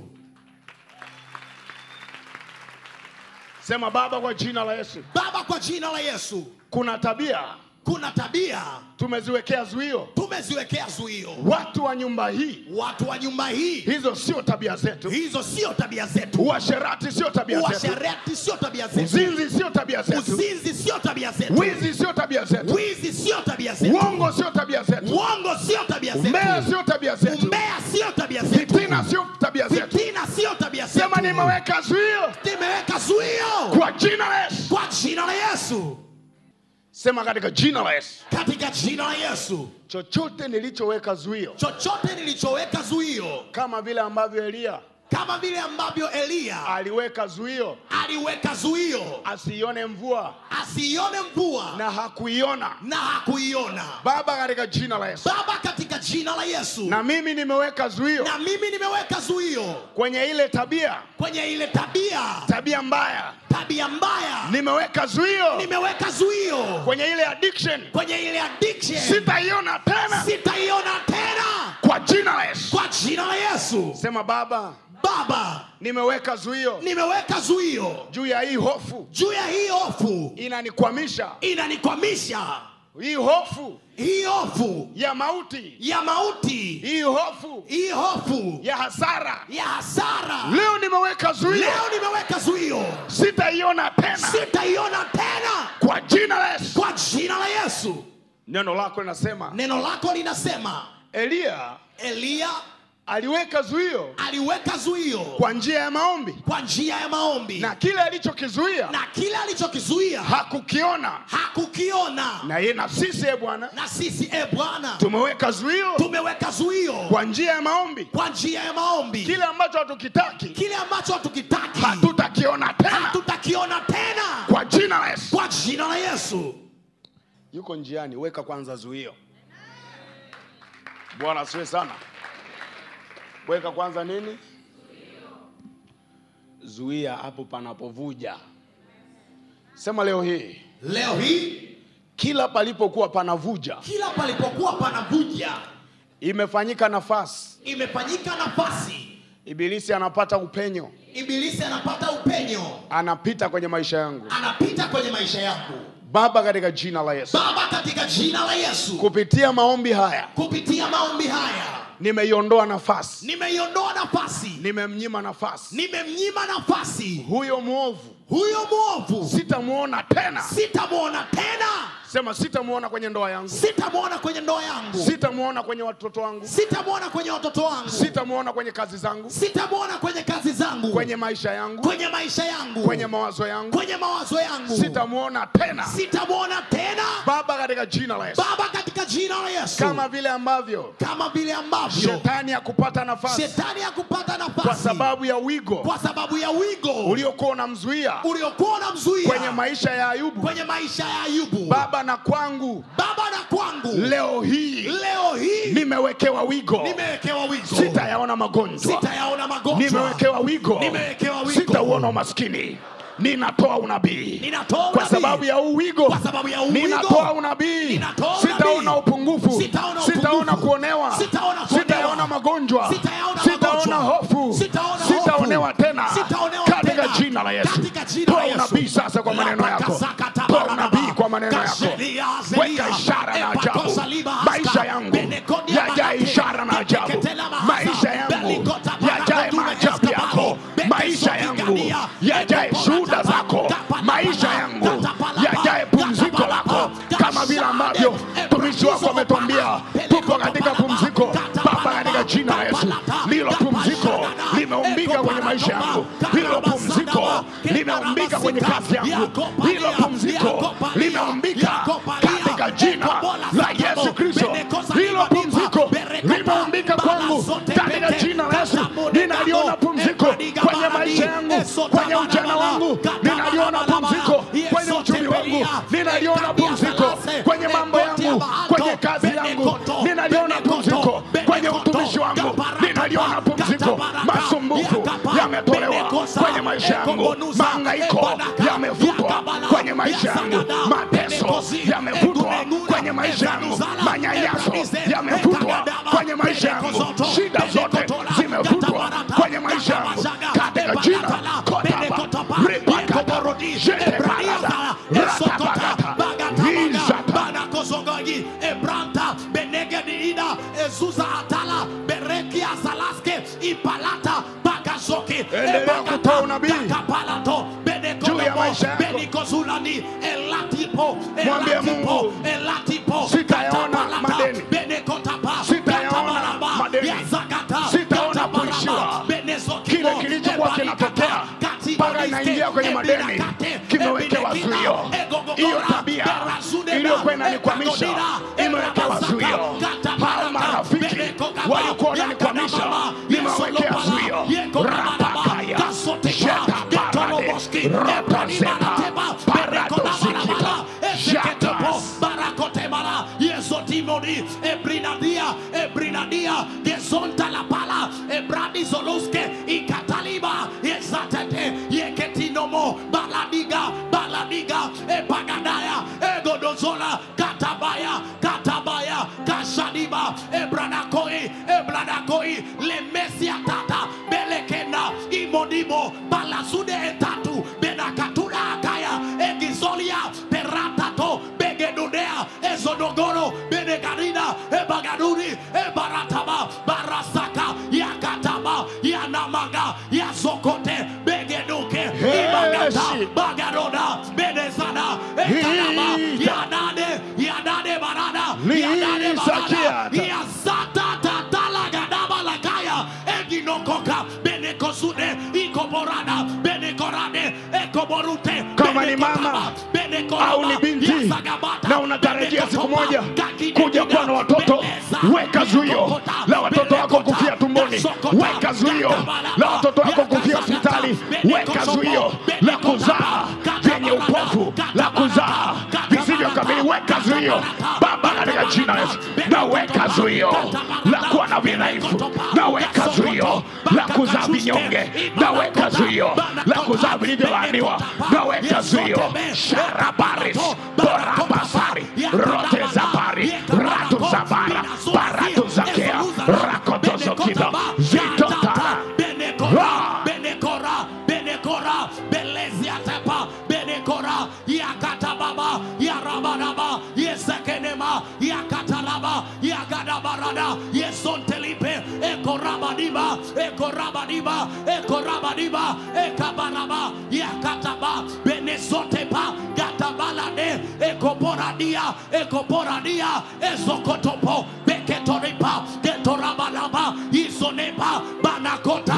Sema Baba, kwa jina la Yesu. Baba, kwa jina la Yesu. Kuna tabia kuna tabia tumeziwekea zuio, tumeziwekea zuio watu wa nyumba hii, watu wa nyumba hii. Hizo sio tabia zetu, hizo sio tabia zetu. Uasherati sio tabia zetu, uasherati sio tabia zetu. Uzinzi sio tabia zetu, uzinzi sio tabia zetu. Wizi sio tabia zetu, wizi sio tabia zetu. Uongo sio tabia zetu, uongo sio tabia zetu. mbea sio tabia zetu, mbea sio tabia zetu. Fitina sio tabia zetu, fitina sio tabia zetu. Sema nimeweka zuio, nimeweka zuio kwa jina la Yesu, kwa jina la Yesu. Sema katika jina la Yesu. Katika jina la Yesu. Chochote nilichoweka zuio. Chochote nilichoweka zuio. Kama vile ambavyo Elia kama vile ambavyo elia aliweka zuio, aliweka zuio asione mvua, asione mvua na hakuiona, na hakuiona. Baba, katika jina la Yesu, Baba, katika jina la Yesu, na mimi nimeweka zuio, na mimi nimeweka zuio kwenye ile tabia, kwenye ile tabia, tabia mbaya tabia mbaya, nimeweka zuio, nimeweka zuio kwenye ile addiction, kwenye ile addiction, sitaiona tena, sitaiona tena kwa jina la Yesu, kwa jina la Yesu. Sema Baba, Baba, nimeweka zuio, nimeweka zuio juu ya hii hofu, juu ya hii hofu inanikwamisha, inanikwamisha hii hofu hii hofu ya mauti ya mauti, hii hofu hii hofu ya hasara ya hasara. Leo nimeweka zuio, leo nimeweka zuio, sitaiona tena, sitaiona tena kwa jina la Yesu, kwa jina la Yesu. Neno lako linasema, neno lako linasema Elia, Elia aliweka zuio aliweka zuio kwa njia ya maombi kwa njia ya maombi na kile alichokizuia na kile alichokizuia hakukiona hakukiona na ye na sisi e bwana na sisi e bwana tumeweka zuio tumeweka zuio kwa njia ya maombi kwa njia ya maombi kile ambacho hatukitaki kile ambacho hatukitaki hatutakiona tena hatutakiona tena kwa jina la yesu kwa jina la yesu yuko njiani weka kwanza zuio bwana asiwe sana Weka kwanza nini? Zuia hapo panapovuja. Sema leo hii, leo hii kila palipokuwa panavuja, kila palipokuwa panavuja, imefanyika nafasi, imefanyika nafasi Ibilisi anapata upenyo, Ibilisi anapata upenyo, anapita kwenye maisha yangu, anapita kwenye maisha yangu. Baba, katika jina la Yesu, Baba, katika jina la Yesu, kupitia maombi haya, kupitia maombi haya nimeiondoa nafasi nimeiondoa nafasi nimemnyima nafasi nimemnyima nafasi huyo mwovu huyo mwovu sitamwona tena sitamwona tena Sema sitamuona kwenye ndoa yangu. Sitamuona kwenye ndoa yangu. Sitamuona kwenye watoto wangu. Sitamuona kwenye watoto wangu. Sitamuona kwenye kazi zangu. Sitamuona kwenye kazi zangu. Kwenye maisha yangu. Kwenye maisha yangu. Kwenye mawazo yangu. Kwenye mawazo yangu. Sitamuona tena. Sitamuona tena. Baba katika jina la Yesu. Baba katika jina la Yesu. Kama vile ambavyo. Kama vile ambavyo. Shetani akupata nafasi. Shetani akupata nafasi. Kwa sababu ya wigo. Kwa sababu ya wigo. Uliokuwa unamzuia. Uliokuwa unamzuia. Kwenye maisha ya Ayubu. Kwenye maisha ya Ayubu. Baba Baba na kwangu, Baba na kwangu, leo hii, leo hii nimewekewa wigo, nimewekewa wigo, sitayaona magonjwa, sitayaona magonjwa, nimewekewa wigo, nimewekewa wigo, sitauona maskini ninatoa unabii ninatoa kwa sababu ya uwigo, ninatoa unabii, sitaona upungufu, sitaona sita kuonewa, sitaona sita magonjwa, sitaona sita hofu, sitaonewa sita tena, sitaona jina la Yesu. Toa unabii sasa kwa maneno yako, toa unabii kwa maneno yako, weka ishara na ajabu. Maisha yangu yajaa ishara na ajabu, maisha yangu yajaa maajabu yako, maisha yangu yajae shuhuda zako, maisha yangu yajae pumziko lako, kama vile ambavyo tumishi wako ametuambia tupo katika pumziko. Baba, katika jina la Yesu, lilo pumziko pumziko limeumbika kwenye maisha yangu, hilo pumziko limeumbika kwenye kazi yangu, hilo pumziko limeumbika katika jina la Yesu Kristo, hilo pumziko limeumbika kwangu katika jina la Yesu. Ninaliona pumziko kwenye maisha yangu, kwenye ujana wangu, ninaliona pumziko kwenye uchumi wangu, ninaliona pumziko kwenye mambo yangu, kwenye kazi yangu, ninaliona pumziko kwenye utumishi wangu, ninaliona masumbuko yametolewa kwenye maisha yangu, maangaiko yamevutwa kwenye maisha yangu, mateso yamevutwa kwenye maisha yangu, manyanyaso yamevutwa kwenye maisha yangu, shida zote zimevutwa kwenye maisha yangu katika jina kotaba ribakata jeteparada ratabakata izata ebranta benegediida ezuza ata ipalata bagazoke endelea kutoa unabii juu ya maisha yako mwambie Mungu sitayaona madeni sitayaona madeni sitaona kuishiwa kile kilichokuwa kinatokea hiyo tabia iliyokwenda nikwamisha imeweka wazuio. Hao marafiki walikuwa wananikwamisha, nimewekea zuio. rapakaya sheta parade rapazeta paradozikita jatas barakotemala yezotimoni ebrinadia ebrinadia gezonta la pala ebradi zoluske, ikata Zola, Katabaya, Katabaya, Kashadiba, Ebranakoi, Ebranakoi, Lemesia Tata, Belekena, Imodibo, Palasu. au ni binti na unatarajia siku moja kuja kuwa na watoto, weka zuio la watoto wako kufia tumboni, weka zuio la watoto wako kufia hospitali, weka zuio la kuzaa vyenye upofu, la kuzaa visivyokamili, weka zuio Baba, katika jina la Yesu, naweka zuio la kuwa na vidhaifu, naweka zuio la kuzaa vinyonge, naweka zuio la kuzaa vilivyolaaniwa, naweka zuio sharabaris borabasari rote zabari ratu zabara baratu zakea Rada, Yesontelipe, Ekorabadiba, eh, eh, Ekorabadiba, eh, Ekorabadiba, Ekabaraba, Yakataba, Benesotepa, Gatabalade, Ekoporadia, Ekoporadia, Ezokotopo, Beketoripa, torabalaba izoneba banakota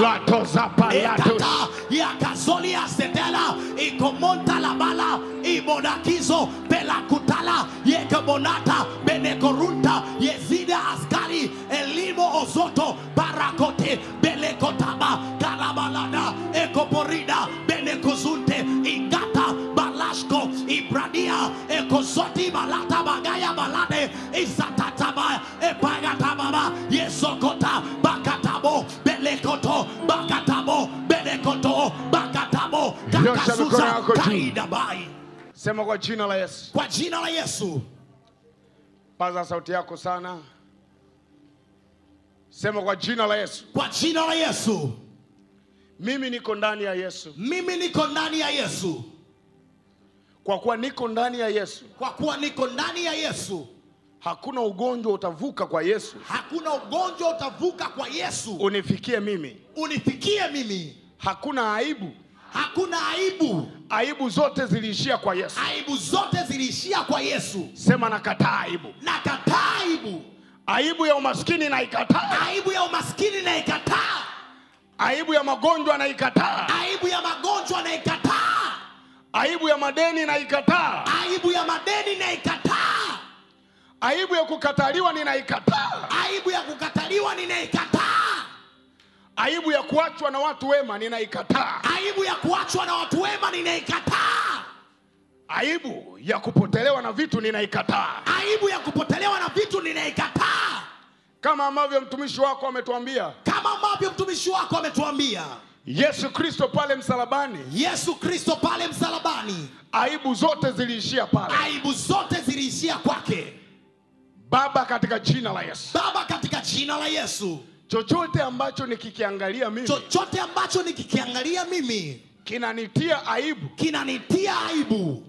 ekata yakazolia setela ikomonta la bala ibonakizo pelakutala yekemonata benekorunta yezida askari elimo ozoto barakote belekotaba yesokota bakatabo belekoto bakatabo belekoto bakatabo kakasuza kaidabai. Sema kwa jina la Yesu, kwa jina la Yesu. Paza sauti yako sana, sema kwa jina la Yesu, kwa jina la Yesu. Mimi niko ndani ya Yesu, mimi niko ndani ya Yesu. Kwa kuwa niko ndani ya Yesu, kwa kuwa niko ndani ya Yesu Hakuna ugonjwa utavuka kwa Yesu. Hakuna ugonjwa utavuka kwa Yesu. Unifikie mimi. Unifikie mimi. Hakuna aibu. Hakuna aibu. Aibu zote ziliishia kwa Yesu. Aibu zote ziliishia kwa Yesu. Sema nakataa aibu. Nakataa aibu. Aibu ya umaskini naikataa. Aibu ya umaskini naikataa. Aibu ya magonjwa naikataa. Aibu ya magonjwa naikataa. Aibu ya madeni naikataa. Aibu ya madeni naikataa. Aibu ya kukataliwa ninaikataa. Aibu ya kukataliwa ninaikataa. Aibu ya kuachwa na watu wema ninaikataa. Aibu ya kuachwa na watu wema ninaikataa. Aibu ya kupotelewa na vitu ninaikataa. Aibu ya kupotelewa na vitu ninaikataa. Kama ambavyo mtumishi wako ametuambia. Kama ambavyo mtumishi wako ametuambia. Yesu Kristo pale msalabani. Yesu Kristo pale msalabani. Aibu zote ziliishia pale. Aibu zote ziliishia kwake. Baba, katika jina la Yesu. Baba, katika jina la Yesu, chochote ambacho nikikiangalia mimi, chochote ambacho nikikiangalia mimi kinanitia aibu, kinanitia aibu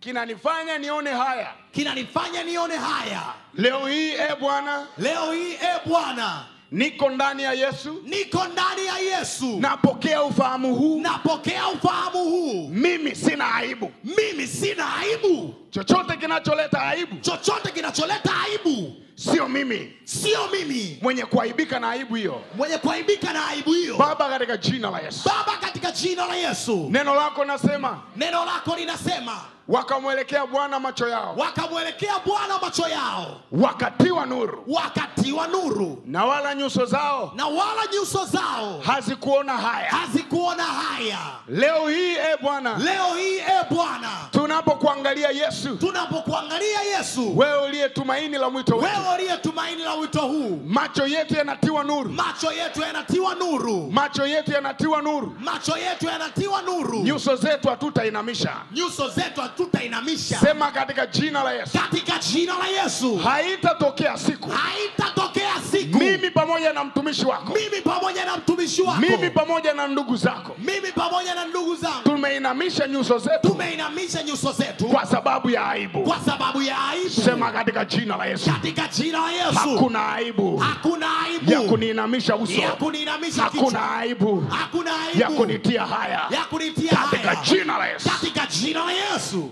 kinanifanya nione haya, kinanifanya nione haya. Leo hii e Bwana, leo hii e Bwana Niko ndani ya Yesu. Niko ndani ya Yesu. Napokea ufahamu huu. Napokea ufahamu huu. Mimi sina aibu. Mimi sina aibu. Chochote kinacholeta aibu. Chochote kinacholeta aibu. Sio mimi. Sio mimi. Mwenye kuaibika na aibu hiyo. Mwenye kuaibika na aibu hiyo. Baba katika jina la Yesu. Baba katika jina la Yesu. Neno lako linasema. Neno lako linasema wakamwelekea Bwana macho yao, wakamwelekea Bwana macho yao, wakatiwa nuru, wakatiwa nuru, na wala nyuso zao, na wala nyuso zao hazikuona haya, hazikuona haya. Leo hii e Bwana, leo hii e Bwana, tunapokuangalia Yesu, tunapokuangalia Yesu, wewe uliye tumaini la mwito wewe uliye tumaini la wito huu, macho yetu yanatiwa nuru, macho yetu yanatiwa nuru, macho yetu yanatiwa nuru, macho yetu yanatiwa nuru, nyuso zetu hatutainamisha, nyuso zetu hatutainamisha. Sema katika jina la Yesu, katika jina la Yesu, haitatokea siku, haitatokea siku, mimi pamoja na mtumishi wako, mimi pamoja na mtumishi wako, mimi pamoja na ndugu zako, mimi pamoja na ndugu zangu, tumeinamisha nyuso zetu, tumeinamisha nyuso zetu kwa sababu ya aibu, kwa sababu ya aibu. Sema katika jina la Yesu, katika jina la Yesu, hakuna aibu, hakuna aibu ya kuniinamisha uso, ya kuniinamisha hakuna aibu, hakuna aibu ya kunitia haya, ya kunitia haya, katika jina la Yesu, katika jina la Yesu.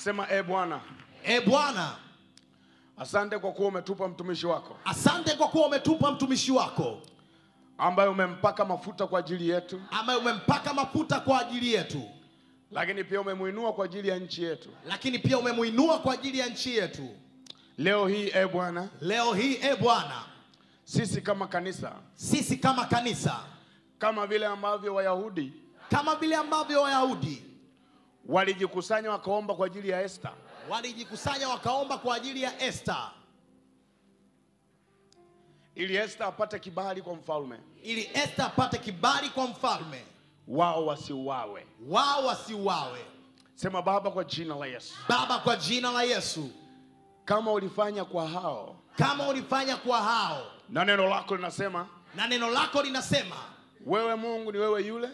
Sema e Bwana, e Bwana, asante kwa kuwa umetupa mtumishi wako, asante kwa kuwa umetupa mtumishi wako ambaye umempaka mafuta kwa ajili yetu, ambaye umempaka mafuta kwa ajili yetu, lakini pia umemuinua kwa ajili ya nchi yetu, lakini pia umemuinua kwa ajili ya nchi yetu. Leo hii e Bwana, leo hii e Bwana, sisi kama kanisa, sisi kama kanisa, kama vile ambavyo Wayahudi, kama vile ambavyo Wayahudi Walijikusanya wakaomba kwa ajili ya Esther. Walijikusanya wakaomba kwa ajili ya Esther. Ili Esther apate kibali kwa mfalme. Ili Esther apate kibali kwa mfalme. Wao wasiuawe. Wao wasiuawe. Sema Baba, kwa jina la Yesu. Baba, kwa jina la Yesu. Kama ulifanya kwa hao. Kama ulifanya kwa hao. Na neno lako linasema. Na neno lako linasema. Wewe Mungu ni wewe yule.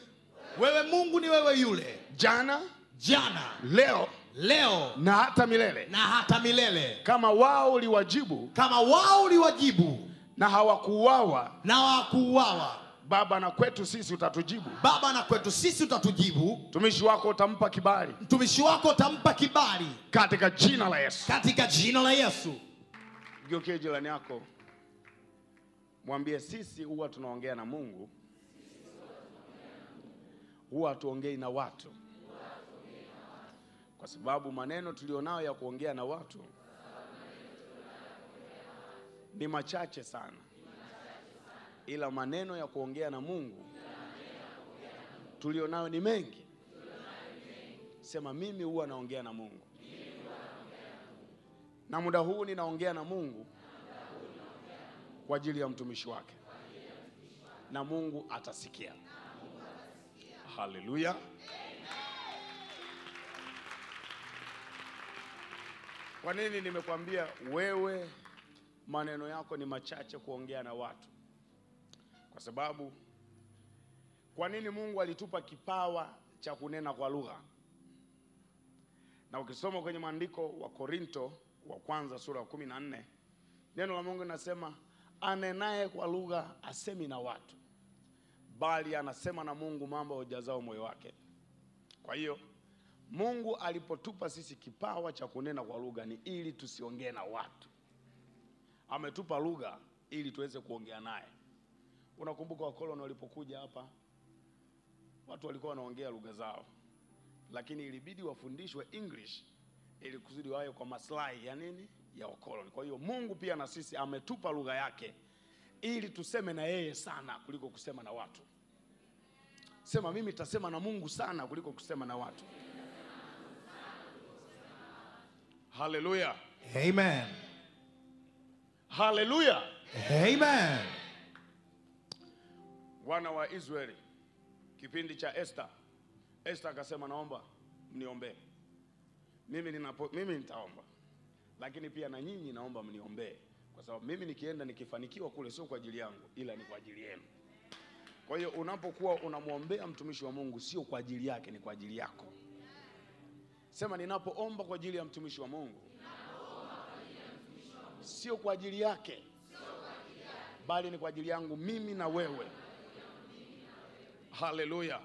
Wewe Mungu ni wewe yule. Jana jana, leo leo na hata milele, na hata milele. Kama wao uliwajibu, kama wao uliwajibu na hawakuuawa, na hawakuuawa Baba na kwetu sisi utatujibu, Baba na kwetu sisi utatujibu. Mtumishi wako utampa kibali, mtumishi wako utampa kibali katika jina la Yesu, katika jina la Yesu. Geukie jirani yako, mwambie, sisi huwa tunaongea na Mungu, huwa hatuongei na watu kwa sababu maneno tulionayo ya kuongea na watu ni machache sana, ila maneno ya kuongea na Mungu tulionayo ni mengi. Sema, mimi huwa naongea na Mungu na muda huu ninaongea na Mungu kwa ajili ya mtumishi wake, na Mungu atasikia. Haleluya! Kwa nini nimekwambia wewe maneno yako ni machache kuongea na watu? Kwa sababu kwa nini Mungu alitupa kipawa cha kunena kwa lugha? Na ukisoma kwenye maandiko wa Korinto wa kwanza sura ya nne neno la Mungu linasema anenaye kwa lugha asemi na watu, bali anasema na Mungu mambo ya ujazao moyo wake. Kwa hiyo Mungu alipotupa sisi kipawa cha kunena kwa lugha ni ili tusiongee na watu. Ametupa lugha ili tuweze kuongea naye. Unakumbuka wakoloni walipokuja hapa, watu walikuwa wanaongea lugha zao, lakini ilibidi wafundishwe English ili kuzidi wawe kwa maslahi ya nini? Ya wakoloni. Kwa hiyo Mungu pia na sisi ametupa lugha yake ili tuseme na yeye sana kuliko kusema na watu. Sema mimi tasema na Mungu sana kuliko kusema na watu. Hallelujah. Amen. Hallelujah. Amen. Wana wa Israeli kipindi cha Esther, Esther akasema naomba mniombee. Mimi ninapo, mimi nitaomba. Lakini pia na nyinyi naomba mniombee kwa sababu mimi nikienda nikifanikiwa kule sio kwa ajili yangu ila ni kwa ajili yenu. Kwa hiyo unapokuwa unamwombea mtumishi wa Mungu sio kwa ajili yake, ni kwa ajili yako. Sema, ninapoomba kwa ajili ya mtumishi wa Mungu, sio kwa ajili yake, bali ni kwa ajili yangu mimi na wewe. Haleluya,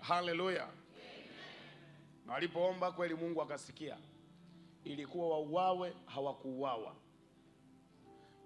haleluya. Na alipoomba kweli Mungu akasikia. Ilikuwa wauawe, hawakuuawa.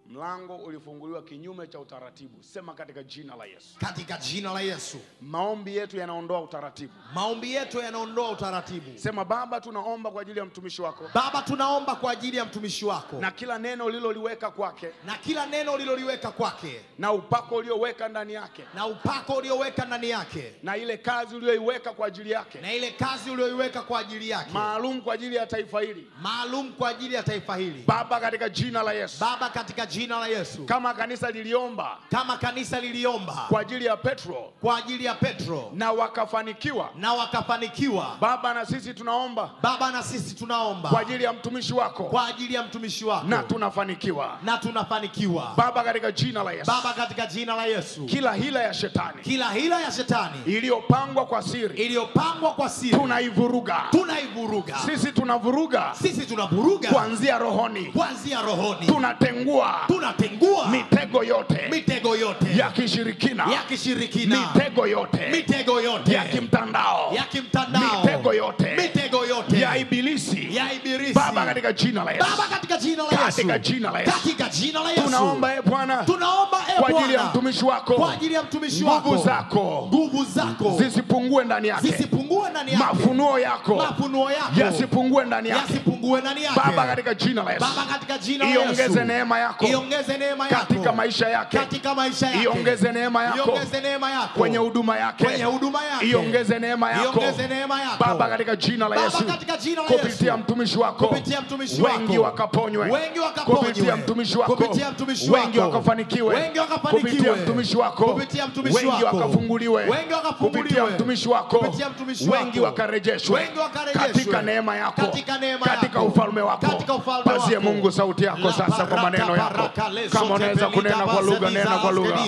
Mlango ulifunguliwa kinyume cha utaratibu. Sema katika jina la Yesu. Katika jina la Yesu. Maombi yetu yanaondoa utaratibu. Maombi yetu yanaondoa utaratibu. Sema Baba, tunaomba kwa ajili ya mtumishi wako. Baba, tunaomba kwa ajili ya mtumishi wako. Na kila neno uliloliweka kwake. Na kila neno uliloliweka kwake. Na upako ulioweka ndani yake. Na upako ulioweka ndani yake. Na ile kazi ulioiweka kwa ajili yake. Na ile kazi ulioiweka kwa ajili yake. Maalum kwa ajili ya taifa hili. Maalum kwa ajili ya taifa hili. Baba, katika jina la Yesu. Baba, katika jina la Yesu. Kama kanisa liliomba, kama kanisa liliomba kwa ajili ya Petro, kwa ajili ya Petro na wakafanikiwa, na wakafanikiwa, Baba na sisi tunaomba, Baba na sisi tunaomba kwa ajili ya mtumishi wako, kwa ajili ya mtumishi wako na tunafanikiwa, na tunafanikiwa, Baba katika jina la Yesu, Baba katika jina la Yesu, kila hila ya shetani, kila hila ya shetani iliyopangwa kwa siri, iliyopangwa kwa siri tunaivuruga, tunaivuruga, sisi tunavuruga, sisi tunavuruga kuanzia rohoni, kuanzia rohoni tunatengua tunatengua mitego yote, mitego yote ya kishirikina, ya kishirikina, mitego yote, mitego yote ya kimtandao, ya kimtandao, mitego yote, mitego yote ya ibilisi, ya ibilisi. Baba, katika jina la Yesu, Baba, katika jina la Yesu, katika jina la Yesu, katika jina la Yesu, tunaomba e Bwana, tunaomba e ee Bwana, kwa ajili ya mtumishi wako, kwa ajili ya mtumishi wako, nguvu zako, nguvu zako zisipungue ndani yake, zisipungue ndani yake, mafunuo yako, mafunuo yako yasipungue ndani yake, yasipungue ndani yake, Baba, katika jina la Yesu, Baba, katika jina la Yesu, iongeze neema yako iongeze neema yako katika maisha yake, katika maisha yake, iongeze neema yako, iongeze neema yako kwenye huduma yake, kwenye huduma yake, iongeze neema yako, iongeze neema yako Baba, katika jina la Yesu, katika jina la Yesu, kupitia mtumishi wako, kupitia mtumishi wako, wengi wakaponywe, wengi wakaponywe, kupitia mtumishi wako, kupitia mtumishi wako, wengi wakafanikiwe, wengi wakafanikiwe, kupitia mtumishi wako, kupitia mtumishi wako, wengi wakafunguliwe, wengi wakafunguliwe, kupitia mtumishi wako, kupitia mtumishi wako, wengi wakarejeshwe, wengi wakarejeshwe, katika neema yako, katika neema yako, katika ufalme wako, katika ufalme wako, pazie Mungu sauti yako sasa kwa maneno yako kama unaweza kunena kwa lugha, nena kwa lugha.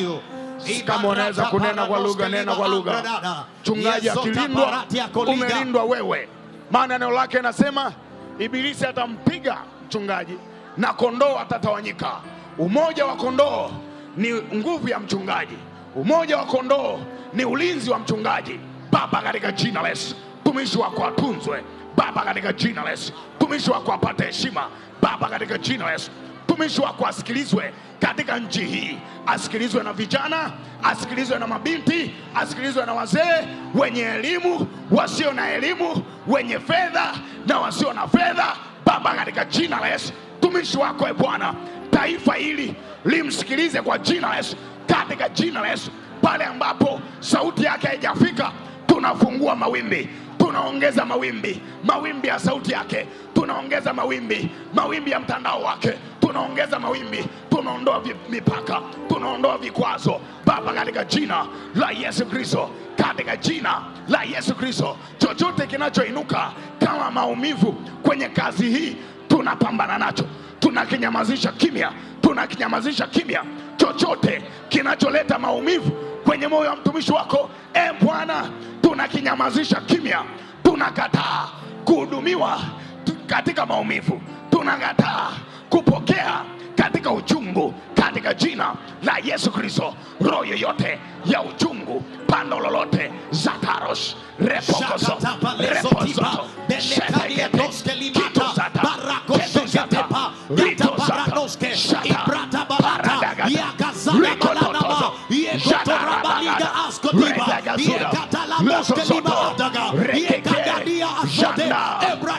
Kama unaweza kunena kwa lugha, nena kwa lugha. Mchungaji akilindwa, umelindwa wewe, maana neno lake nasema ibilisi atampiga mchungaji na kondoo atatawanyika. Umoja wa kondoo ni nguvu ya mchungaji. Umoja wa kondoo ni ulinzi wa mchungaji. Baba, katika jina la Yesu, mtumishi wako atunzwe. Baba, katika jina la Yesu, mtumishi wako apate heshima. Baba, katika jina la Yesu, mtumishi wako asikilizwe katika nchi hii, asikilizwe na vijana, asikilizwe na mabinti, asikilizwe na wazee, wenye elimu, wasio na elimu, wenye fedha na wasio na fedha. Baba, katika jina la Yesu, mtumishi wako e Bwana, taifa hili limsikilize kwa jina la Yesu, katika jina la Yesu. Pale ambapo sauti yake haijafika, tunafungua mawimbi, tunaongeza mawimbi, mawimbi ya sauti yake tunaongeza mawimbi, mawimbi ya mtandao wake, tunaongeza mawimbi, tunaondoa mipaka, tunaondoa vikwazo Baba, katika jina la Yesu Kristo, katika jina la Yesu Kristo, chochote kinachoinuka kama maumivu kwenye kazi hii tunapambana nacho, tunakinyamazisha kimya, tunakinyamazisha kimya. Chochote kinacholeta maumivu kwenye moyo wa mtumishi wako, e Bwana, tunakinyamazisha kimya, tunakataa kuhudumiwa katika maumivu, tunagata kupokea katika uchungu katika jina la Yesu Kristo, roho yoyote ya uchungu pando lolote zataros repokoso repokoso shetekete kito zata barako shetekete pa rito zata shata ibrata barata ya kaza riko toto shata rabaliga asko tiba ye katala moske lima adaga ye kagadia asko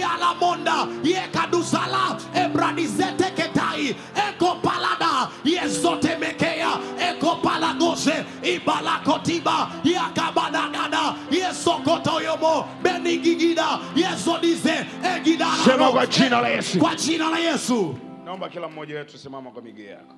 yalamonda yekaduzala ebradizete ketai ekopalada yezotemekea ekopalagose ibalakotiba yakabanagada yesokotoyomo benigigida yezodize egidasema kwa la Yesu, kwa jina la Yesu. Naomba kila mmoja wetu simama kwa miguu yako.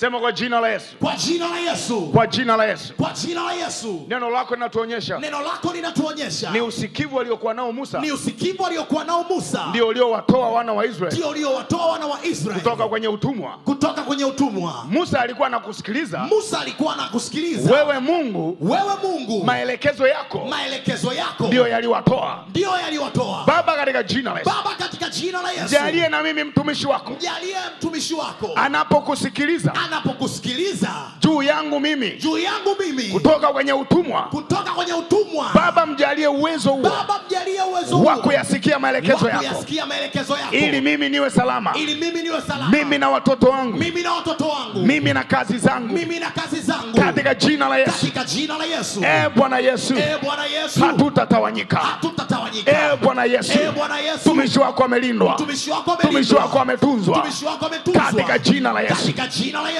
Sema kwa jina la Yesu. Kwa jina la Yesu. Kwa jina la Yesu. Kwa jina la Yesu. Neno lako linatuonyesha. Neno lako linatuonyesha. Ni usikivu aliokuwa nao Musa. Ni usikivu aliokuwa nao Musa. Ndio uliowatoa wana wa Israeli. Ndio uliowatoa wana wa Israeli. Kutoka kwenye utumwa. Kutoka kwenye utumwa. Musa alikuwa anakusikiliza. Musa alikuwa anakusikiliza. Wewe Mungu. Wewe Mungu. Maelekezo yako. Maelekezo yako. Ndio yaliwatoa. Ndio yaliwatoa. Baba katika jina la Yesu. Baba katika jina la Yesu. Jalie na mimi mtumishi wako. Jalie mtumishi wako. Anapokusikiliza. An anapokusikiliza juu yangu mimi juu yangu mimi kutoka kwenye utumwa kutoka kwenye utumwa Baba mjalie uwezo huo Baba mjalie uwezo huo wa kuyasikia maelekezo yako kuyasikia maelekezo yako ili mimi niwe salama ili mimi niwe salama mimi na watoto wangu mimi na watoto wangu mimi na kazi zangu mimi na kazi zangu katika jina la Yesu katika jina la Yesu e Bwana Yesu e Bwana Yesu hatutatawanyika hatutatawanyika e Bwana Yesu e, Bwana Yesu tumishi wako amelindwa tumishi wako ametunzwa tumishi wako ametunzwa katika jina la Yesu katika jina la Yesu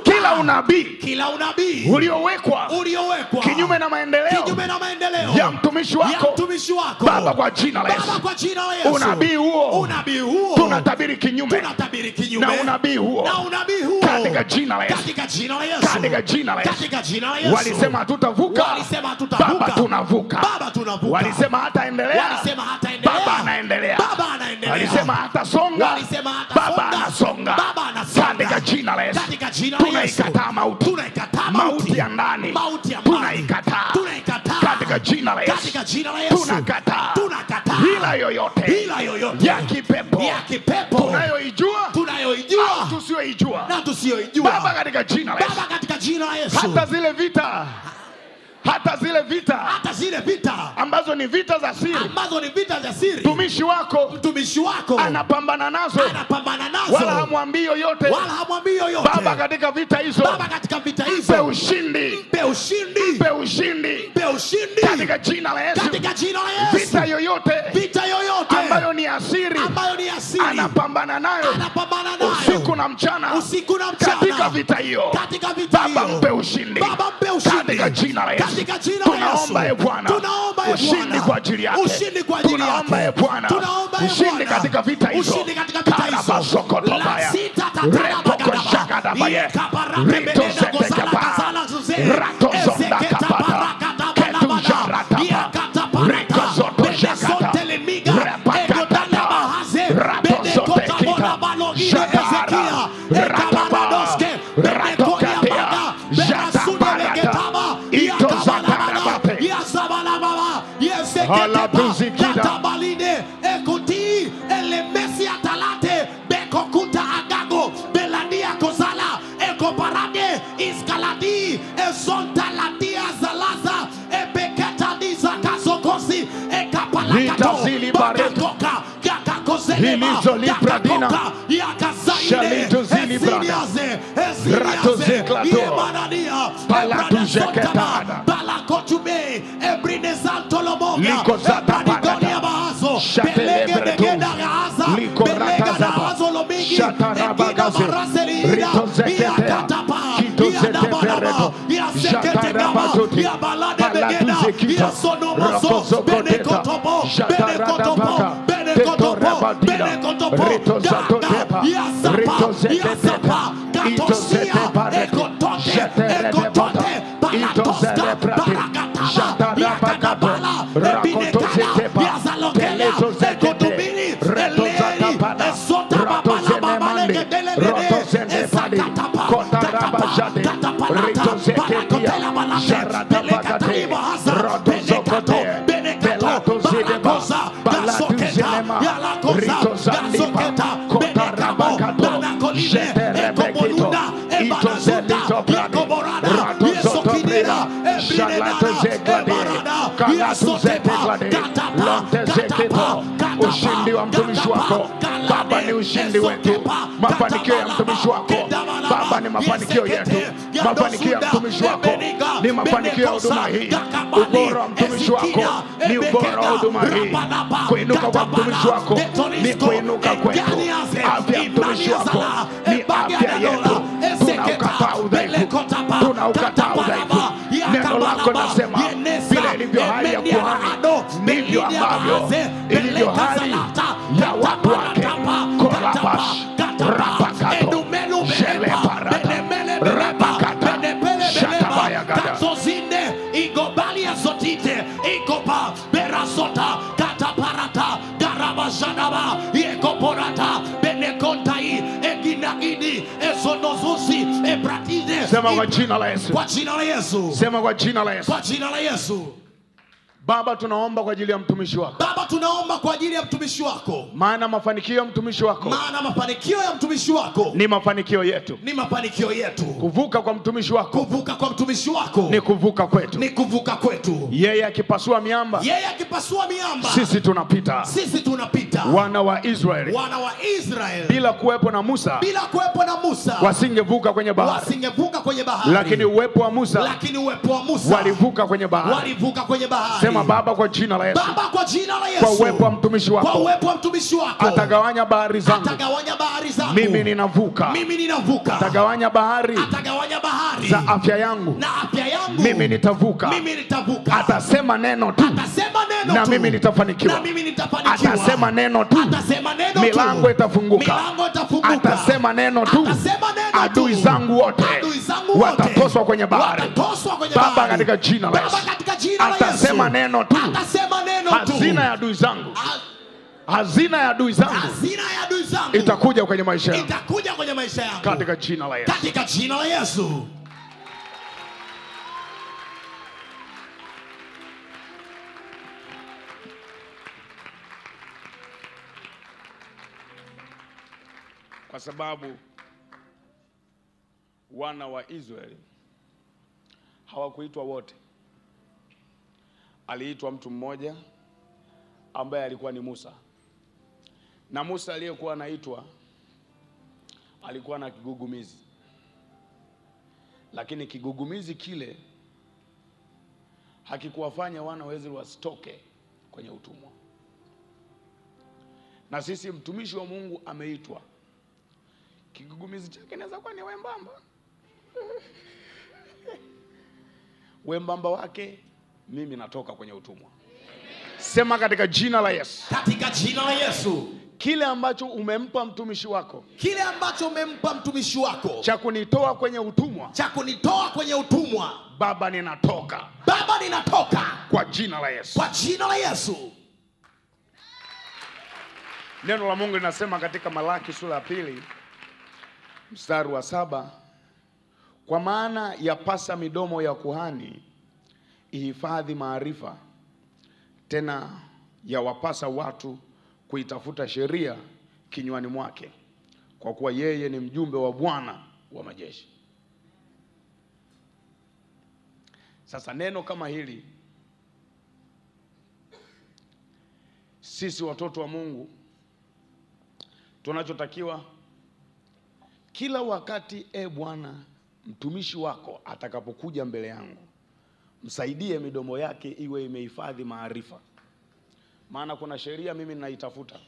kila unabii kila unabii uliowekwa uliowekwa kinyume na maendeleo kinyume na maendeleo ya mtumishi wako ya mtumishi wako Baba kwa jina la Yesu Baba kwa jina la Yesu unabii huo unabii huo tunatabiri kinyume tunatabiri kinyume na unabii huo na unabii huo katika jina la Yesu katika jina la Yesu katika jina la Yesu katika jina la Yesu walisema hatutavuka walisema hatutavuka Baba tunavuka Baba tunavuka walisema hataendelea walisema hataendelea Baba anaendelea Baba anaendelea walisema hatasonga walisema hatasonga Baba anasonga Baba anasonga katika jina la Yesu katika jina la Yesu tunaikataa mauti, mauti ya ndani, tunaikataa, katika jina la Yesu, tunakataa, hila yoyote, ya kipepo, tunayoijua, tunayoijua tusiyoijua, na tusiyoijua, Baba, katika jina la Yesu, hata zile vita hata zile vita hata zile vita ambazo ni vita za siri ambazo ni vita za siri mtumishi wako mtumishi wako anapambana nazo anapambana nazo wala hamwambii yoyote wala hamwambii yoyote baba katika vita hizo baba katika vita hizo mpe ushindi mpe ushindi mpe ushindi mpe ushindi katika jina la Yesu katika jina la Yesu vita yoyote vita yoyote ambayo ni asiri ambayo ni asiri anapambana nayo anapambana nayo usiku na mchana usiku na mchana katika vita hiyo katika vita hiyo baba mpe ushindi baba mpe ushindi katika jina la Yesu katika jina la Yesu tunaomba e ushindi kwa ajili yake, tunaomba e Bwana ushindi katika vita hizo, karabasoko tobaya repoko shakadabaye rito zetekapa rato zonda kapata ketu jaratapa rito zoto shakata repakatata rato zote kita shakata Katabaline, Ekoti, Elemesi Atalate, Bekokuta Agago, Belania Kozala, Ekoparade, Iskaladi, Ezonta Latia Zalaza, Ebeketani Zakazokosi, Ekapalakato, Bakakoka, Gakakoselema, Gakakoka, Yakazaine, Eziniaze, Eziniaze, Maradona Bahazo Belege Begeda Raza Belega Razo Lomigi Ekida Maraseli Ia Katapa Ia Nabaraba Ia Seketegaba Ia Balade Begeda Ia Sonomoso Bene Kotopo Bene Kotopo Bene Kotopo Rabinekala, Yazalokela, Babala ushindi wa mtumishi wako Baba ni ushindi wetu, mafanikio ya mtumishi wako Baba ni mafanikio yetu, mafanikio ya mtumishi wako ni mafanikio ya huduma hii, ubora wa mtumishi wako ni ubora wa huduma hii, kuinuka kwa mtumishi wako ni kuinuka kwetu, afya ya mtumishi wako ni afya yetu. Tunaukataa udhaifu, tunaukataa udhaifu. Neno lako nasema ndivyo hali ya kuhani, ndivyo ambavyo ilivyo hali ya watu wake. korabash rapakato sheleparata benekontai eginaidi esonozusi ebratide sema kwa jina la Yesu, kwa jina la Yesu, sema kwa jina la Yesu, kwa jina la Yesu. Baba, tunaomba kwa ajili ya mtumishi wako. Baba, tunaomba kwa ajili ya mtumishi wako. Maana mafanikio ya mtumishi wako. Maana mafanikio ya mtumishi wako. Ni mafanikio yetu. Ni mafanikio yetu. Kuvuka kwa mtumishi wako. Kuvuka kwa mtumishi wako. Ni kuvuka kwetu. Ni kuvuka kwetu. Yeye akipasua miamba. Yeye akipasua miamba. Sisi tunapita. Sisi tunapita. Wana wa Israeli. Wana wa Israeli. Bila kuwepo na Musa. Bila kuwepo na Musa. Wasingevuka kwenye bahari. Wasingevuka kwenye bahari. Lakini uwepo wa Musa. Lakini uwepo wa Musa. Walivuka kwenye bahari. Walivuka kwenye bahari. Sema Baba, kwa jina la Yesu, Baba, kwa jina la Yesu, kwa uwepo wa mtumishi wako, kwa uwepo wa mtumishi wako, atagawanya bahari zangu, atagawanya bahari zangu, mimi ninavuka, mimi ninavuka, atagawanya bahari, atagawanya bahari za afya yangu na afya yangu, mimi nitavuka, mimi nitavuka, atasema neno tu, atasema neno na mimi nitafanikiwa, atasema neno tu, milango itafunguka, atasema neno tu, adui zangu wote watatoswa kwenye bahari. Baba, katika jina la Yesu, atasema neno tu, hazina ya adui zangu hazina ya adui zangu, itakuja kwenye maisha yangu, katika jina la Yesu, katika jina la Yesu. kwa sababu wana wa Israeli hawakuitwa wote. Aliitwa mtu mmoja ambaye alikuwa ni Musa, na Musa aliyekuwa anaitwa alikuwa na kigugumizi, lakini kigugumizi kile hakikuwafanya wana wa Israeli wasitoke kwenye utumwa. Na sisi mtumishi wa Mungu ameitwa kigugumizi chake inaweza kuwa ni wembamba wembamba wake mimi natoka kwenye utumwa. Sema katika jina la Yesu, katika jina la Yesu, kile ambacho umempa mtumishi wako, kile ambacho umempa mtumishi wako cha kunitoa kwenye utumwa, cha kunitoa kwenye utumwa, Baba ninatoka, Baba ninatoka kwa jina la Yesu, kwa jina la Yesu. Neno la Mungu linasema katika Malaki sura ya pili mstari wa saba kwa maana yapasa midomo ya kuhani ihifadhi maarifa, tena yawapasa watu kuitafuta sheria kinywani mwake, kwa kuwa yeye ni mjumbe wa Bwana wa majeshi. Sasa neno kama hili sisi watoto wa Mungu tunachotakiwa kila wakati e Bwana, mtumishi wako atakapokuja mbele yangu, msaidie midomo yake iwe imehifadhi maarifa, maana kuna sheria mimi ninaitafuta.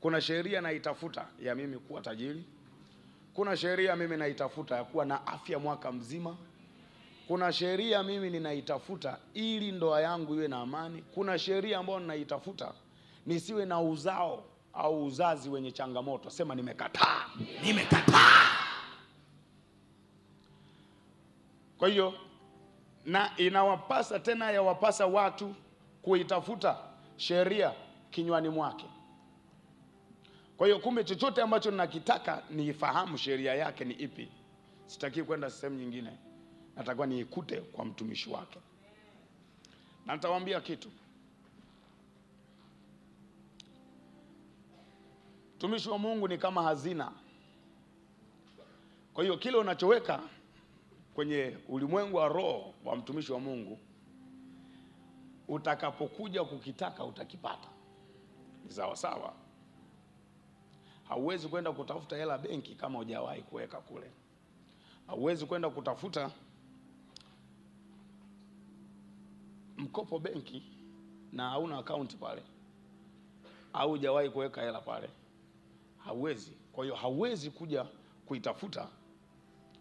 Kuna sheria naitafuta ya mimi kuwa tajiri. Kuna sheria mimi naitafuta ya kuwa na afya mwaka mzima. Kuna sheria mimi ninaitafuta ili ndoa yangu iwe na amani. Kuna sheria ambayo ninaitafuta nisiwe na uzao au uzazi wenye changamoto, sema nimekataa, nimekataa. Kwa hiyo na inawapasa tena, yawapasa watu kuitafuta sheria kinywani mwake. Kwa hiyo kumbe, chochote ambacho nakitaka niifahamu sheria yake ni ipi. Sitaki kwenda sehemu nyingine, natakiwa niikute kwa mtumishi wake, na nitawaambia kitu Mtumishi wa Mungu ni kama hazina. Kwa hiyo kile unachoweka kwenye ulimwengu wa roho wa mtumishi wa Mungu, utakapokuja kukitaka utakipata. Ni sawa sawa. Hauwezi kwenda kutafuta hela benki kama hujawahi kuweka kule. Hauwezi kwenda kutafuta mkopo benki na hauna akaunti pale au hujawahi kuweka hela pale hauwezi. Kwa hiyo hauwezi kuja kuitafuta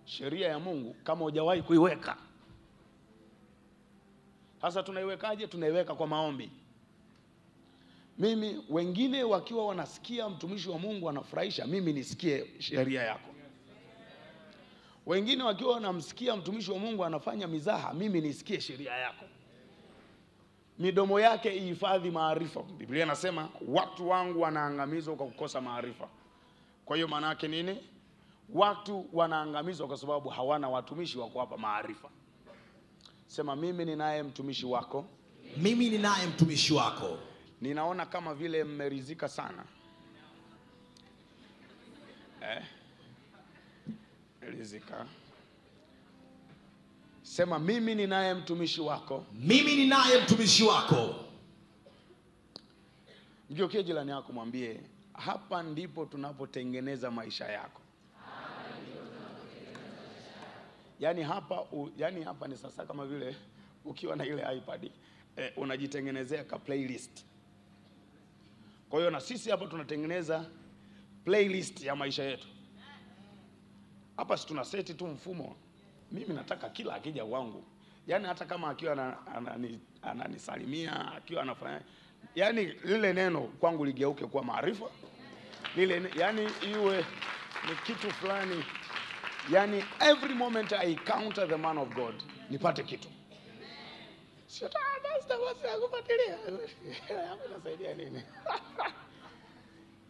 sheria ya Mungu kama hujawahi kuiweka. Sasa tunaiwekaje? Tunaiweka kwa maombi. Mimi wengine wakiwa wanasikia mtumishi wa Mungu anafurahisha, mimi nisikie sheria yako. Wengine wakiwa wanamsikia mtumishi wa Mungu anafanya mizaha, mimi nisikie sheria yako midomo yake ihifadhi maarifa. Biblia inasema watu wangu wanaangamizwa kwa kukosa maarifa. Kwa hiyo maana yake nini? Watu wanaangamizwa kwa sababu hawana watumishi wa kuwapa maarifa. Sema, mimi ninaye mtumishi wako, mimi ninaye mtumishi wako. Ninaona kama vile mmerizika sana eh? Rizika Sema mimi ninaye mtumishi wako, mimi ninaye mtumishi wako. Mgeukie jirani yako, mwambie hapa ndipo tunapotengeneza maisha yako. Yaani hapa u, yani hapa ni sasa kama vile ukiwa na ile iPad eh, unajitengenezea ka playlist. Kwa hiyo na sisi hapa tunatengeneza playlist ya maisha yetu. Hapa si tuna seti tu mfumo mimi nataka kila akija wangu, yaani hata kama akiwa ananisalimia anani, anani akiwa anafanya yani, lile neno kwangu ligeuke kuwa maarifa lile, yani iwe ni kitu fulani, yani every moment I encounter the man of God nipate kitu ah, inasaidia nini?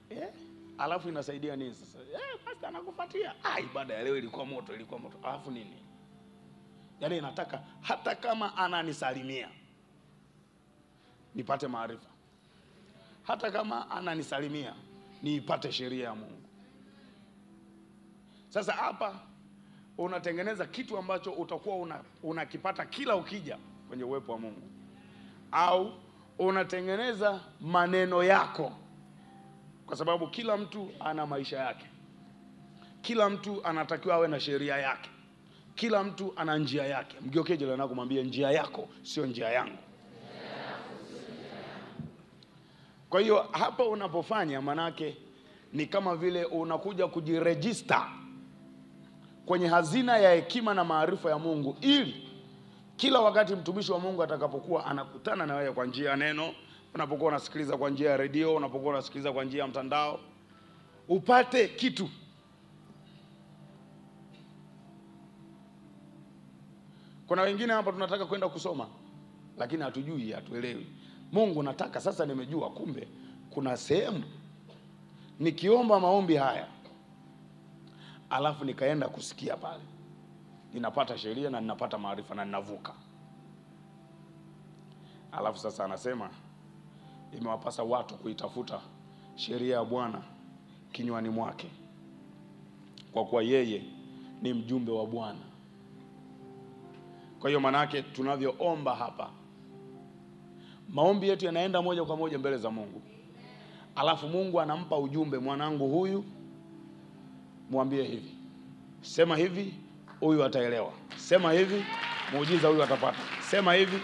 yeah. Alafu inasaidia nini sasa? Yeah, pastor anakupatia. Ah, ibada ya leo ilikuwa moto, ilikuwa moto. Alafu nini? yale yaani nataka hata kama ananisalimia nipate maarifa, hata kama ananisalimia niipate sheria ya Mungu. Sasa hapa unatengeneza kitu ambacho utakuwa unakipata una kila ukija kwenye uwepo wa Mungu, au unatengeneza maneno yako, kwa sababu kila mtu ana maisha yake, kila mtu anatakiwa awe na sheria yake. Kila mtu ana njia yake. mgeokee jirani yako, mwambie njia yako sio njia yangu. Kwa hiyo hapa unapofanya, manake ni kama vile unakuja kujirejista kwenye hazina ya hekima na maarifa ya Mungu, ili kila wakati mtumishi wa Mungu atakapokuwa anakutana na wewe kwa njia ya neno, unapokuwa unasikiliza kwa njia ya redio, unapokuwa unasikiliza kwa njia ya mtandao, upate kitu Kuna wengine hapa tunataka kwenda kusoma lakini hatujui, hatuelewi. Mungu, nataka sasa, nimejua kumbe kuna sehemu nikiomba maombi haya alafu nikaenda kusikia pale, ninapata sheria na ninapata maarifa na ninavuka. Alafu sasa anasema imewapasa watu kuitafuta sheria ya Bwana kinywani mwake, kwa kuwa yeye ni mjumbe wa Bwana kwa hiyo maanake tunavyoomba hapa, maombi yetu yanaenda moja kwa moja mbele za Mungu, alafu Mungu anampa ujumbe, mwanangu huyu mwambie hivi, sema hivi, huyu ataelewa, sema hivi, muujiza huyu atapata, sema hivi,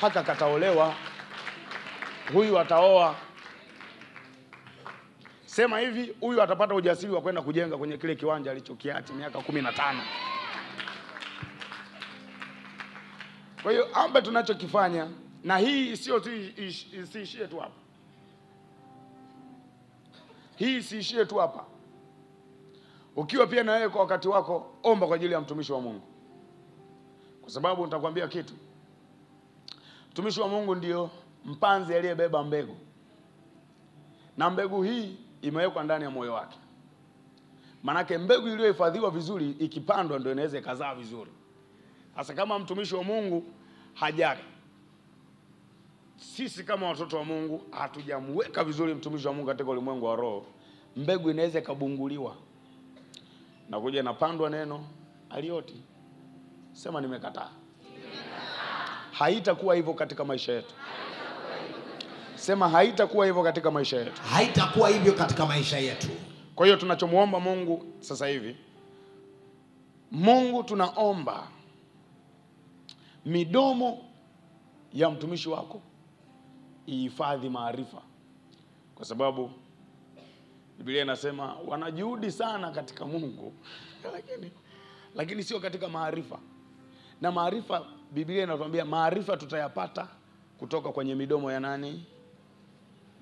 haka kataolewa, huyu ataoa, sema hivi, huyu atapata ujasiri wa kwenda kujenga kwenye kile kiwanja alichokiacha miaka kumi na tano. Kwa hiyo ambe tunachokifanya, na hii sio tu isiishie tu hapa, hii isiishie tu hapa. Ukiwa pia na wewe kwa wakati wako, omba kwa ajili ya mtumishi wa Mungu, kwa sababu nitakwambia kitu, mtumishi wa Mungu ndio mpanzi aliyebeba mbegu, na mbegu hii imewekwa ndani ya moyo wake. Manake mbegu iliyohifadhiwa vizuri ikipandwa ndio inaweza ikazaa vizuri. Sasa kama mtumishi wa Mungu hajali, sisi kama watoto wa Mungu hatujamweka vizuri mtumishi wa Mungu katika ulimwengu wa roho, mbegu inaweza ikabunguliwa na kuja inapandwa neno alioti. Sema nimekataa, haitakuwa hivyo katika maisha yetu. Sema haitakuwa hivyo katika maisha yetu, haitakuwa hivyo katika maisha yetu. Kwa hiyo tunachomwomba Mungu sasa hivi, Mungu tunaomba midomo ya mtumishi wako ihifadhi maarifa, kwa sababu Biblia inasema wanajuhudi sana katika Mungu lakini, lakini sio katika maarifa. Na maarifa Biblia inatuambia maarifa tutayapata kutoka kwenye midomo ya nani?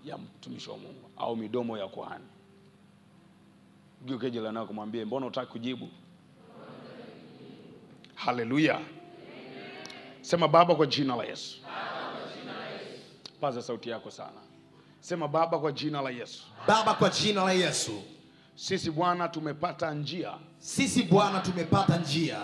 Ya mtumishi wa Mungu au midomo ya kuhani. Geuke jirani yako, mwambie mbona utaki kujibu? Haleluya! Sema Baba, kwa jina la Yesu, paza sauti yako sana. Sema Baba, kwa jina la Yesu, Baba, kwa jina la Yesu, sisi Bwana tumepata njia, sisi Bwana tumepata njia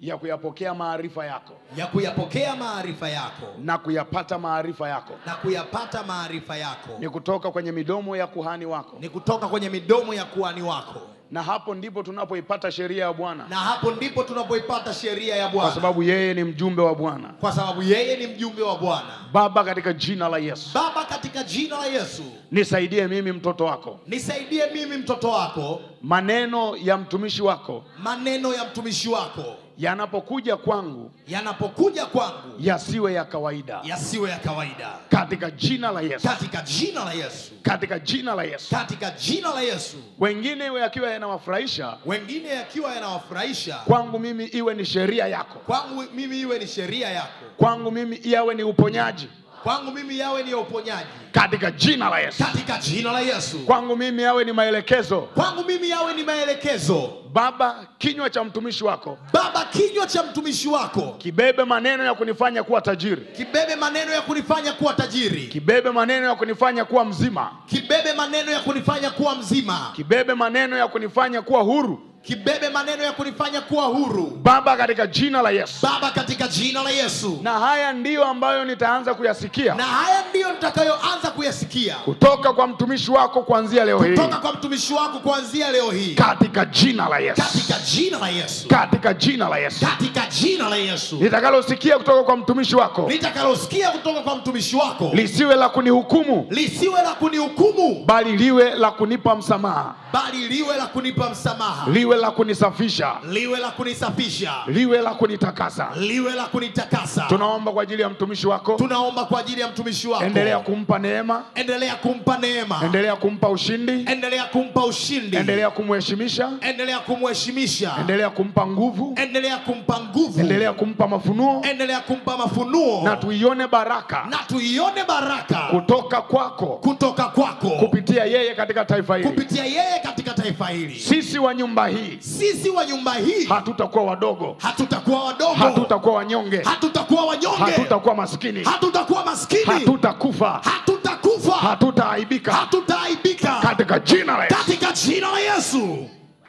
ya kuyapokea maarifa yako ya kuyapokea maarifa yako na kuyapata maarifa yako na kuyapata maarifa yako, ni kutoka kwenye midomo ya kuhani wako, ni kutoka kwenye midomo ya kuhani wako na hapo ndipo tunapoipata sheria ya Bwana, na hapo ndipo tunapoipata sheria ya Bwana, kwa sababu yeye ni mjumbe wa Bwana, kwa sababu yeye ni mjumbe wa Bwana. Baba, katika jina la Yesu, Baba, katika jina la Yesu, nisaidie mimi mtoto wako, nisaidie mimi mtoto wako, maneno ya mtumishi wako, maneno ya mtumishi wako yanapokuja kwangu, yanapokuja kwangu yasiwe ya kawaida, yasiwe ya kawaida, katika jina la Yesu, katika jina la Yesu, katika jina la Yesu, katika jina la Yesu. Wengine yakiwa yanawafurahisha, wengine yakiwa yanawafurahisha, kwangu mimi iwe ni sheria yako, kwangu mimi iwe ni sheria yako, kwangu mimi yawe ni uponyaji Kwangu mimi yawe ni ya uponyaji. Katika jina la Yesu. Katika jina la Yesu. Kwangu mimi yawe ni maelekezo. Kwangu mimi yawe ni maelekezo. Baba, kinywa cha mtumishi wako. Baba, kinywa cha mtumishi wako. Kibebe maneno ya kunifanya kuwa tajiri. Kibebe maneno ya kunifanya kuwa tajiri. Kibebe maneno ya kunifanya kuwa mzima. Kibebe maneno ya kunifanya kuwa mzima. Kibebe maneno ya kunifanya kuwa huru kibebe maneno ya kunifanya kuwa huru Baba, katika jina la Yesu. Baba, katika jina la Yesu. Na haya ndiyo ambayo nitaanza kuyasikia, na haya ndiyo nitakayoanza kuyasikia kutoka kwa mtumishi wako kuanzia leo hii, kutoka kwa mtumishi wako kuanzia leo hii, katika jina la Yesu, katika jina la Yesu, katika jina la Yesu, katika jina la Yesu. Nitakalosikia kutoka kwa mtumishi wako, nitakalosikia kutoka kwa mtumishi wako lisiwe la kunihukumu, lisiwe la kunihukumu, bali liwe la kunipa msamaha, bali liwe la kunipa msamaha, liwe liwe la kunisafisha, liwe la kunisafisha, liwe la kunitakasa, liwe la kunitakasa. Tunaomba kwa ajili ya mtumishi wako, tunaomba kwa ajili ya mtumishi wako, endelea kumpa neema, endelea kumpa neema, endelea kumpa ushindi, endelea kumpa ushindi, endelea kumheshimisha, endelea kumheshimisha, endelea kumpa nguvu, endelea kumpa nguvu, endelea kumpa mafunuo, endelea kumpa mafunuo, na tuione baraka, na tuione baraka kutoka kwako, kutoka kwako, kupitia yeye katika taifa hili, kupitia yeye katika taifa hili, sisi wa nyumba hii hii sisi wa nyumba hii hatutakuwa wadogo hatutakuwa wadogo hatutakuwa wanyonge hatutakuwa wanyonge hatutakuwa maskini hatutakuwa maskini hatutakufa hatutakufa hatutaaibika hatutaaibika katika jina la katika jina la Yesu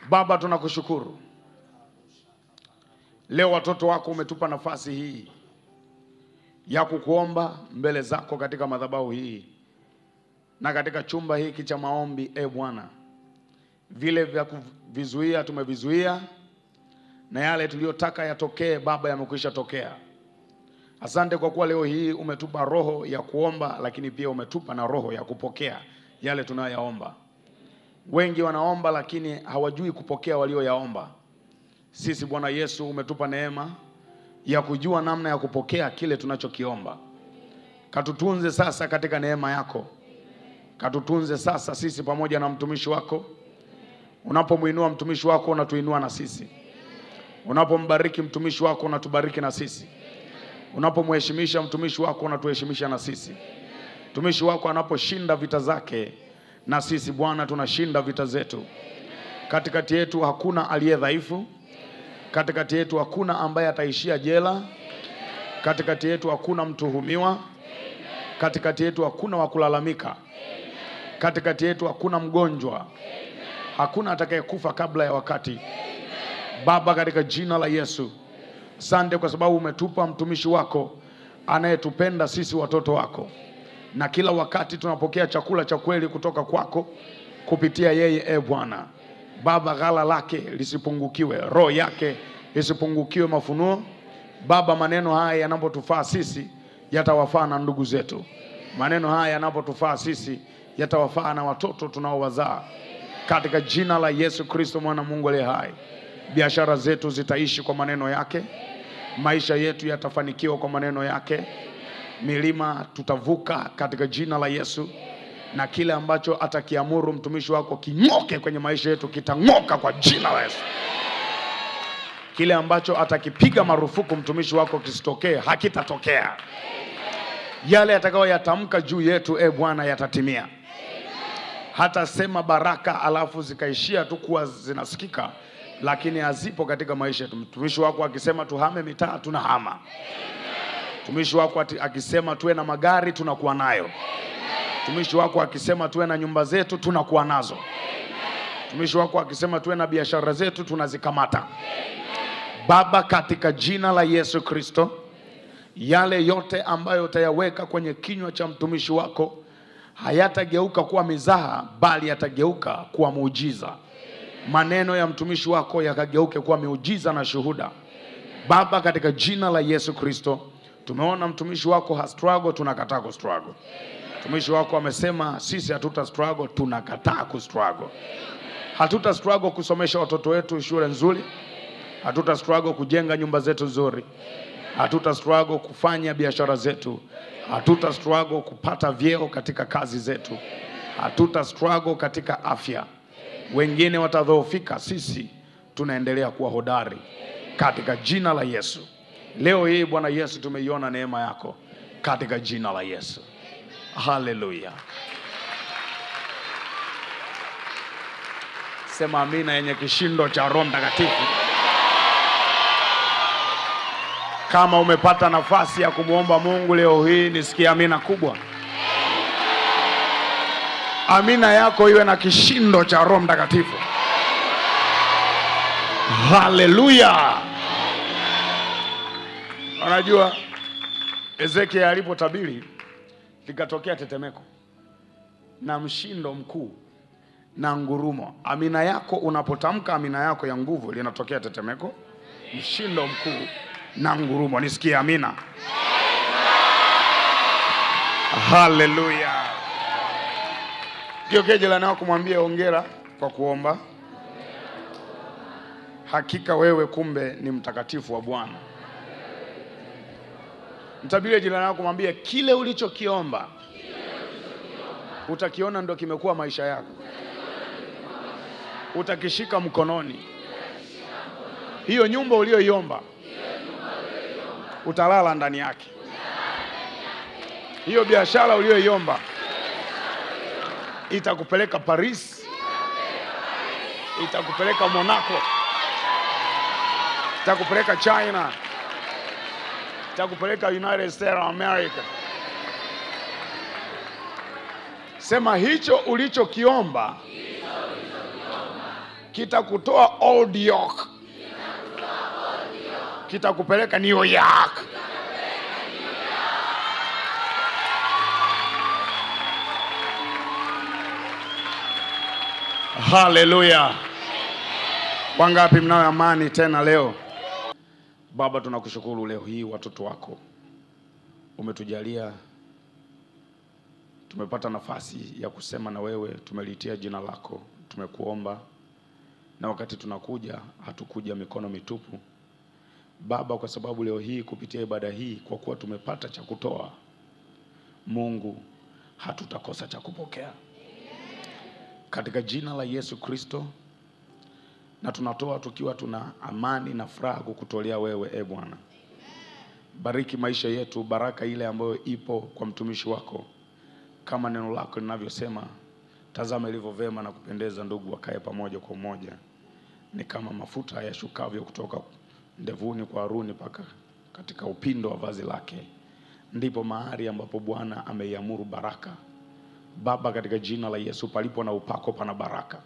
baba tunakushukuru leo watoto wako umetupa nafasi hii ya kukuomba mbele zako katika madhabahu hii na katika chumba hiki cha maombi e Bwana, vile vya kuvizuia tumevizuia, na yale tuliyotaka yatokee, Baba, yamekwisha tokea. Asante kwa kuwa leo hii umetupa roho ya kuomba, lakini pia umetupa na roho ya kupokea yale tunayoyaomba. Wengi wanaomba lakini hawajui kupokea walioyaomba. Sisi Bwana Yesu, umetupa neema ya kujua namna ya kupokea kile tunachokiomba. Katutunze sasa katika neema yako, katutunze sasa sisi pamoja na mtumishi wako Unapomwinua mtumishi wako unatuinua na sisi. Unapombariki mtumishi wako unatubariki na sisi. Unapomheshimisha mtumishi wako unatuheshimisha na sisi. Mtumishi wako anaposhinda vita zake, na sisi Bwana tunashinda vita zetu. Katikati yetu hakuna aliye dhaifu, katikati yetu hakuna ambaye ataishia jela, katikati yetu hakuna mtuhumiwa, katikati yetu hakuna wa kulalamika, katikati yetu hakuna mgonjwa. Hakuna atakayekufa kabla ya wakati. Amen. Baba, katika jina la Yesu, sante kwa sababu umetupa mtumishi wako anayetupenda sisi watoto wako, na kila wakati tunapokea chakula cha kweli kutoka kwako kupitia yeye. E Bwana Baba, ghala lake lisipungukiwe, roho yake isipungukiwe mafunuo. Baba, maneno haya yanapotufaa sisi yatawafaa na ndugu zetu, maneno haya yanapotufaa sisi yatawafaa na watoto tunaowazaa katika jina la Yesu Kristo mwana Mungu aliye hai. Biashara zetu zitaishi kwa maneno yake, maisha yetu yatafanikiwa kwa maneno yake, milima tutavuka katika jina la Yesu, na kile ambacho atakiamuru mtumishi wako king'oke kwenye maisha yetu kitang'oka kwa jina la Yesu. Kile ambacho atakipiga marufuku mtumishi wako kisitokee, hakitatokea. Yale atakayo yatamka juu yetu, e Bwana, yatatimia hatasema baraka alafu zikaishia tu kuwa zinasikika lakini hazipo katika maisha yetu. Mtumishi wako akisema tuhame mitaa, tunahama. Mtumishi wako akisema tuwe na magari, tunakuwa nayo. Mtumishi wako akisema tuwe na nyumba zetu, tunakuwa nazo. Mtumishi wako akisema tuwe na biashara zetu, tunazikamata. Baba, katika jina la Yesu Kristo, yale yote ambayo utayaweka kwenye kinywa cha mtumishi wako hayatageuka kuwa mizaha, bali yatageuka kuwa muujiza. Maneno ya mtumishi wako yakageuke kuwa miujiza na shuhuda. Baba, katika jina la Yesu Kristo, tumeona mtumishi wako hastrago struggle, tunakataa ku struggle. Mtumishi wako amesema sisi hatuta struggle, tunakataa ku struggle. Hatuta struggle kusomesha watoto wetu shule nzuri, hatuta struggle kujenga nyumba zetu nzuri. Hatuta struggle kufanya biashara zetu, hatuta struggle kupata vyeo katika kazi zetu, hatuta struggle katika afya. Wengine watadhoofika, sisi tunaendelea kuwa hodari katika jina la Yesu. Leo hii Bwana Yesu, tumeiona neema yako katika jina la Yesu. Haleluya, sema amina yenye kishindo cha Roho Mtakatifu. Kama umepata nafasi ya kumwomba Mungu leo hii, nisikie amina kubwa. Amina yako iwe na kishindo cha Roho Mtakatifu. Haleluya! Anajua Ezekiel alipotabiri likatokea tetemeko na mshindo mkuu na ngurumo. Amina yako unapotamka amina yako ya nguvu, linatokea tetemeko, mshindo mkuu na ngurumo. Nisikie amina. Haleluya! kioke jirani yako kumwambia hongera kwa kuomba. Hakika wewe kumbe ni mtakatifu wa Bwana. Mtabirie jirani yako kumwambia kile ulichokiomba utakiona ndo kimekuwa maisha yako, utakishika mkononi hiyo nyumba uliyoiomba utalala ndani yake. Hiyo biashara uliyoiomba itakupeleka Paris, itakupeleka Monaco, itakupeleka China, itakupeleka United States of America. Sema hicho ulichokiomba kitakutoa Old York kitakupeleka New York. Haleluya! Wangapi mnayo amani tena leo? Baba, tunakushukuru leo hii, watoto wako umetujalia, tumepata nafasi ya kusema na wewe, tumelitia jina lako, tumekuomba na wakati tunakuja hatukuja mikono mitupu. Baba, kwa sababu leo hii kupitia ibada hii, kwa kuwa tumepata cha kutoa, Mungu hatutakosa cha kupokea katika jina la Yesu Kristo, na tunatoa tukiwa tuna amani na furaha kukutolea wewe. E Bwana, bariki maisha yetu, baraka ile ambayo ipo kwa mtumishi wako, kama neno lako linavyosema, tazama ilivyo vema na kupendeza ndugu wakae pamoja kwa umoja, ni kama mafuta yashukavyo kutoka ndevuni kwa Haruni mpaka katika upindo wa vazi lake, ndipo mahali ambapo Bwana ameiamuru baraka. Baba, katika jina la Yesu, palipo na upako pana baraka.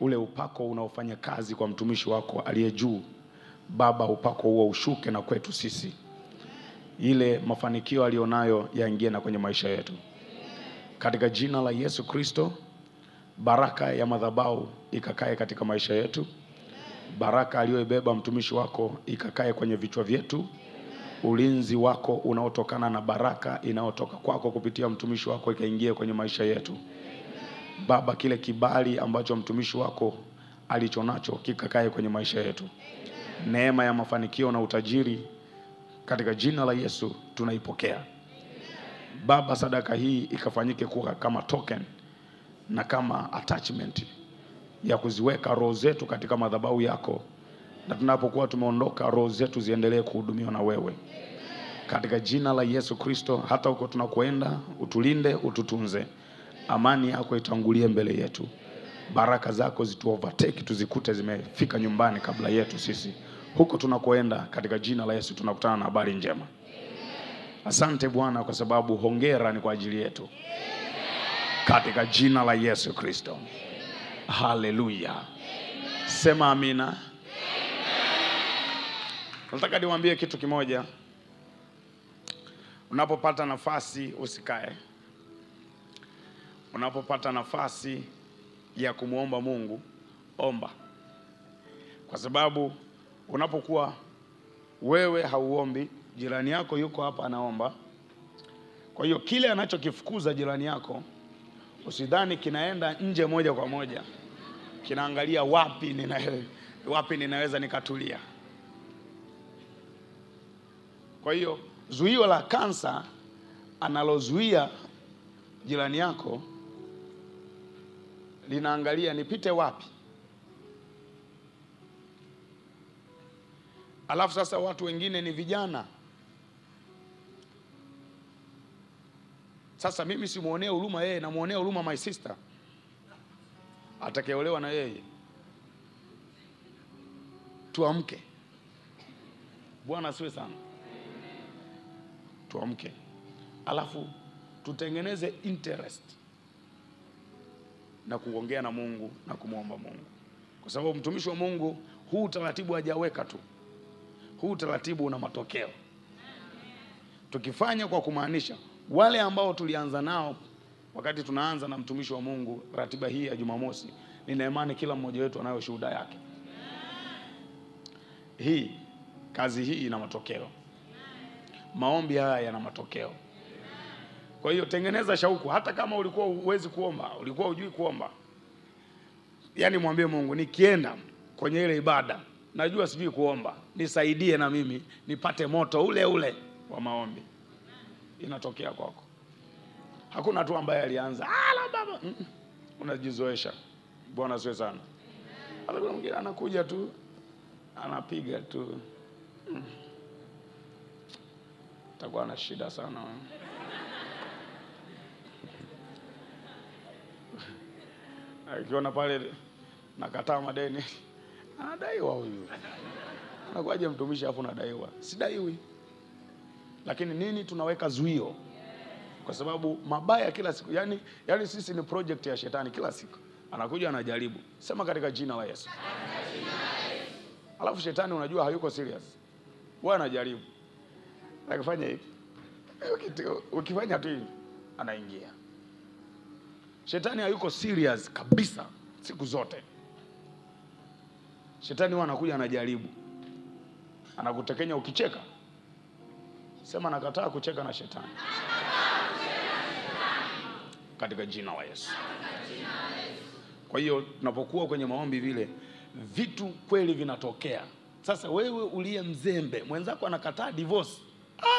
Ule upako unaofanya kazi kwa mtumishi wako aliye juu, Baba, upako huo ushuke na kwetu sisi, ile mafanikio aliyonayo yaingie na kwenye maisha yetu, katika jina la Yesu Kristo. Baraka ya madhabahu ikakae katika maisha yetu baraka aliyoibeba mtumishi wako ikakae kwenye vichwa vyetu, ulinzi wako unaotokana na baraka inayotoka kwako kupitia mtumishi wako ikaingia kwenye maisha yetu. Baba, kile kibali ambacho mtumishi wako alichonacho kikakae kwenye maisha yetu, neema ya mafanikio na utajiri, katika jina la Yesu tunaipokea. Baba, sadaka hii ikafanyike kuwa kama token na kama attachment ya kuziweka roho zetu katika madhabahu yako, na tunapokuwa tumeondoka, roho zetu ziendelee kuhudumiwa na wewe katika jina la Yesu Kristo. Hata huko tunakoenda, utulinde, ututunze. Amani yako itangulie mbele yetu, baraka zako overtake, tuzikute zimefika nyumbani kabla yetu sisi, huko tunakoenda, katika jina la Yesu. Tunakutana na habari njema. Asante Bwana, kwa sababu hongera ni kwa ajili yetu, katika jina la Yesu Kristo. Haleluya, sema amina. Nataka niwaambie kitu kimoja, unapopata nafasi usikae. Unapopata nafasi ya kumwomba Mungu omba, kwa sababu unapokuwa wewe hauombi, jirani yako yuko hapa anaomba. Kwa hiyo kile anachokifukuza jirani yako Usidhani kinaenda nje moja kwa moja, kinaangalia wapi nina, wapi ninaweza nikatulia. Kwa hiyo zuio la kansa analozuia jirani yako linaangalia nipite wapi. Alafu sasa watu wengine ni vijana Sasa mimi simwonee huruma yeye, namwonea huruma my sister atakayeolewa na yeye. Tuamke, Bwana asiwe sana, tuamke alafu tutengeneze interest na kuongea na Mungu na kumwomba Mungu, kwa sababu mtumishi wa Mungu, huu utaratibu hajaweka tu, huu utaratibu una matokeo tukifanya kwa kumaanisha wale ambao tulianza nao wakati tunaanza na mtumishi wa Mungu ratiba hii ya Jumamosi, nina imani kila mmoja wetu anayo shuhuda yake. Hii kazi hii ina matokeo, maombi haya yana matokeo. Kwa hiyo tengeneza shauku, hata kama ulikuwa huwezi kuomba, ulikuwa hujui kuomba, yaani mwambie Mungu, nikienda kwenye ile ibada najua sijui kuomba, nisaidie na mimi nipate moto ule ule wa maombi inatokea kwako. Hakuna tu ambaye alianza ah, Unajizoesha. Bwana asiwe sana. Hata kuna mwingine anakuja tu anapiga tu mm. Takuwa na shida sana akiona pale nakataa madeni, anadaiwa huyu. Anakuwaje mtumishi afu nadaiwa? Sidaiwi lakini nini tunaweka zuio, kwa sababu mabaya kila siku yani, yani sisi ni project ya shetani, kila siku anakuja anajaribu. Sema katika jina la Yesu. Alafu shetani unajua hayuko serious, wewe anajaribu, akifanya hivi, eh, ukifanya tu hivi anaingia. Shetani hayuko serious kabisa siku zote. Shetani huwa anakuja anajaribu, anakutekenya ukicheka Sema nakataa kucheka na shetani katika jina la Yesu. Kwa hiyo tunapokuwa kwenye maombi vile vitu kweli vinatokea. Sasa wewe uliye mzembe, mwenzako anakataa divorce,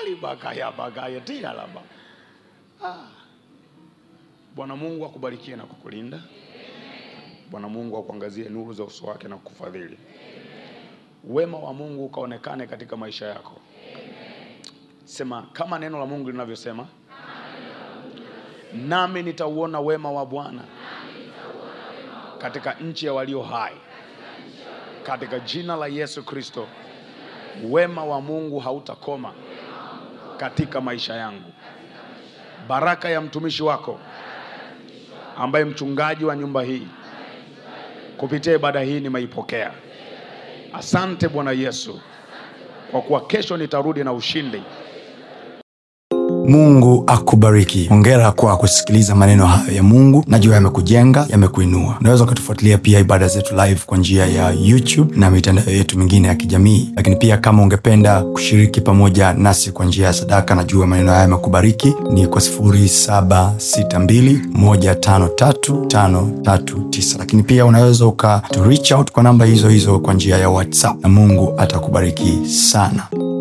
alibakayabakayetialaba ah. Bwana Mungu akubarikie na kukulinda. Bwana Mungu akuangazie nuru za uso wake na kukufadhili. Wema wa Mungu ukaonekane katika maisha yako. Sema kama neno la Mungu linavyosema, nami nitauona wema wa Bwana katika nchi ya walio hai, katika jina la Yesu Kristo. Wema wa Mungu hautakoma katika maisha yangu. Baraka ya mtumishi wako ambaye mchungaji wa nyumba hii kupitia ibada hii nimeipokea. Asante Bwana Yesu, kwa kuwa kesho nitarudi na ushindi. Mungu akubariki. ongera kwa kusikiliza maneno hayo ya Mungu, najua yamekujenga, yamekuinua. Unaweza ukatufuatilia pia ibada zetu live kwa njia ya YouTube na mitandao yetu mingine ya kijamii, lakini pia kama ungependa kushiriki pamoja nasi kwa njia ya sadaka, najua maneno hayo yamekubariki, ni kwa 762153539 lakini pia unaweza ukatu kwa namba hizo hizo kwa njia ya WhatsApp na Mungu atakubariki sana.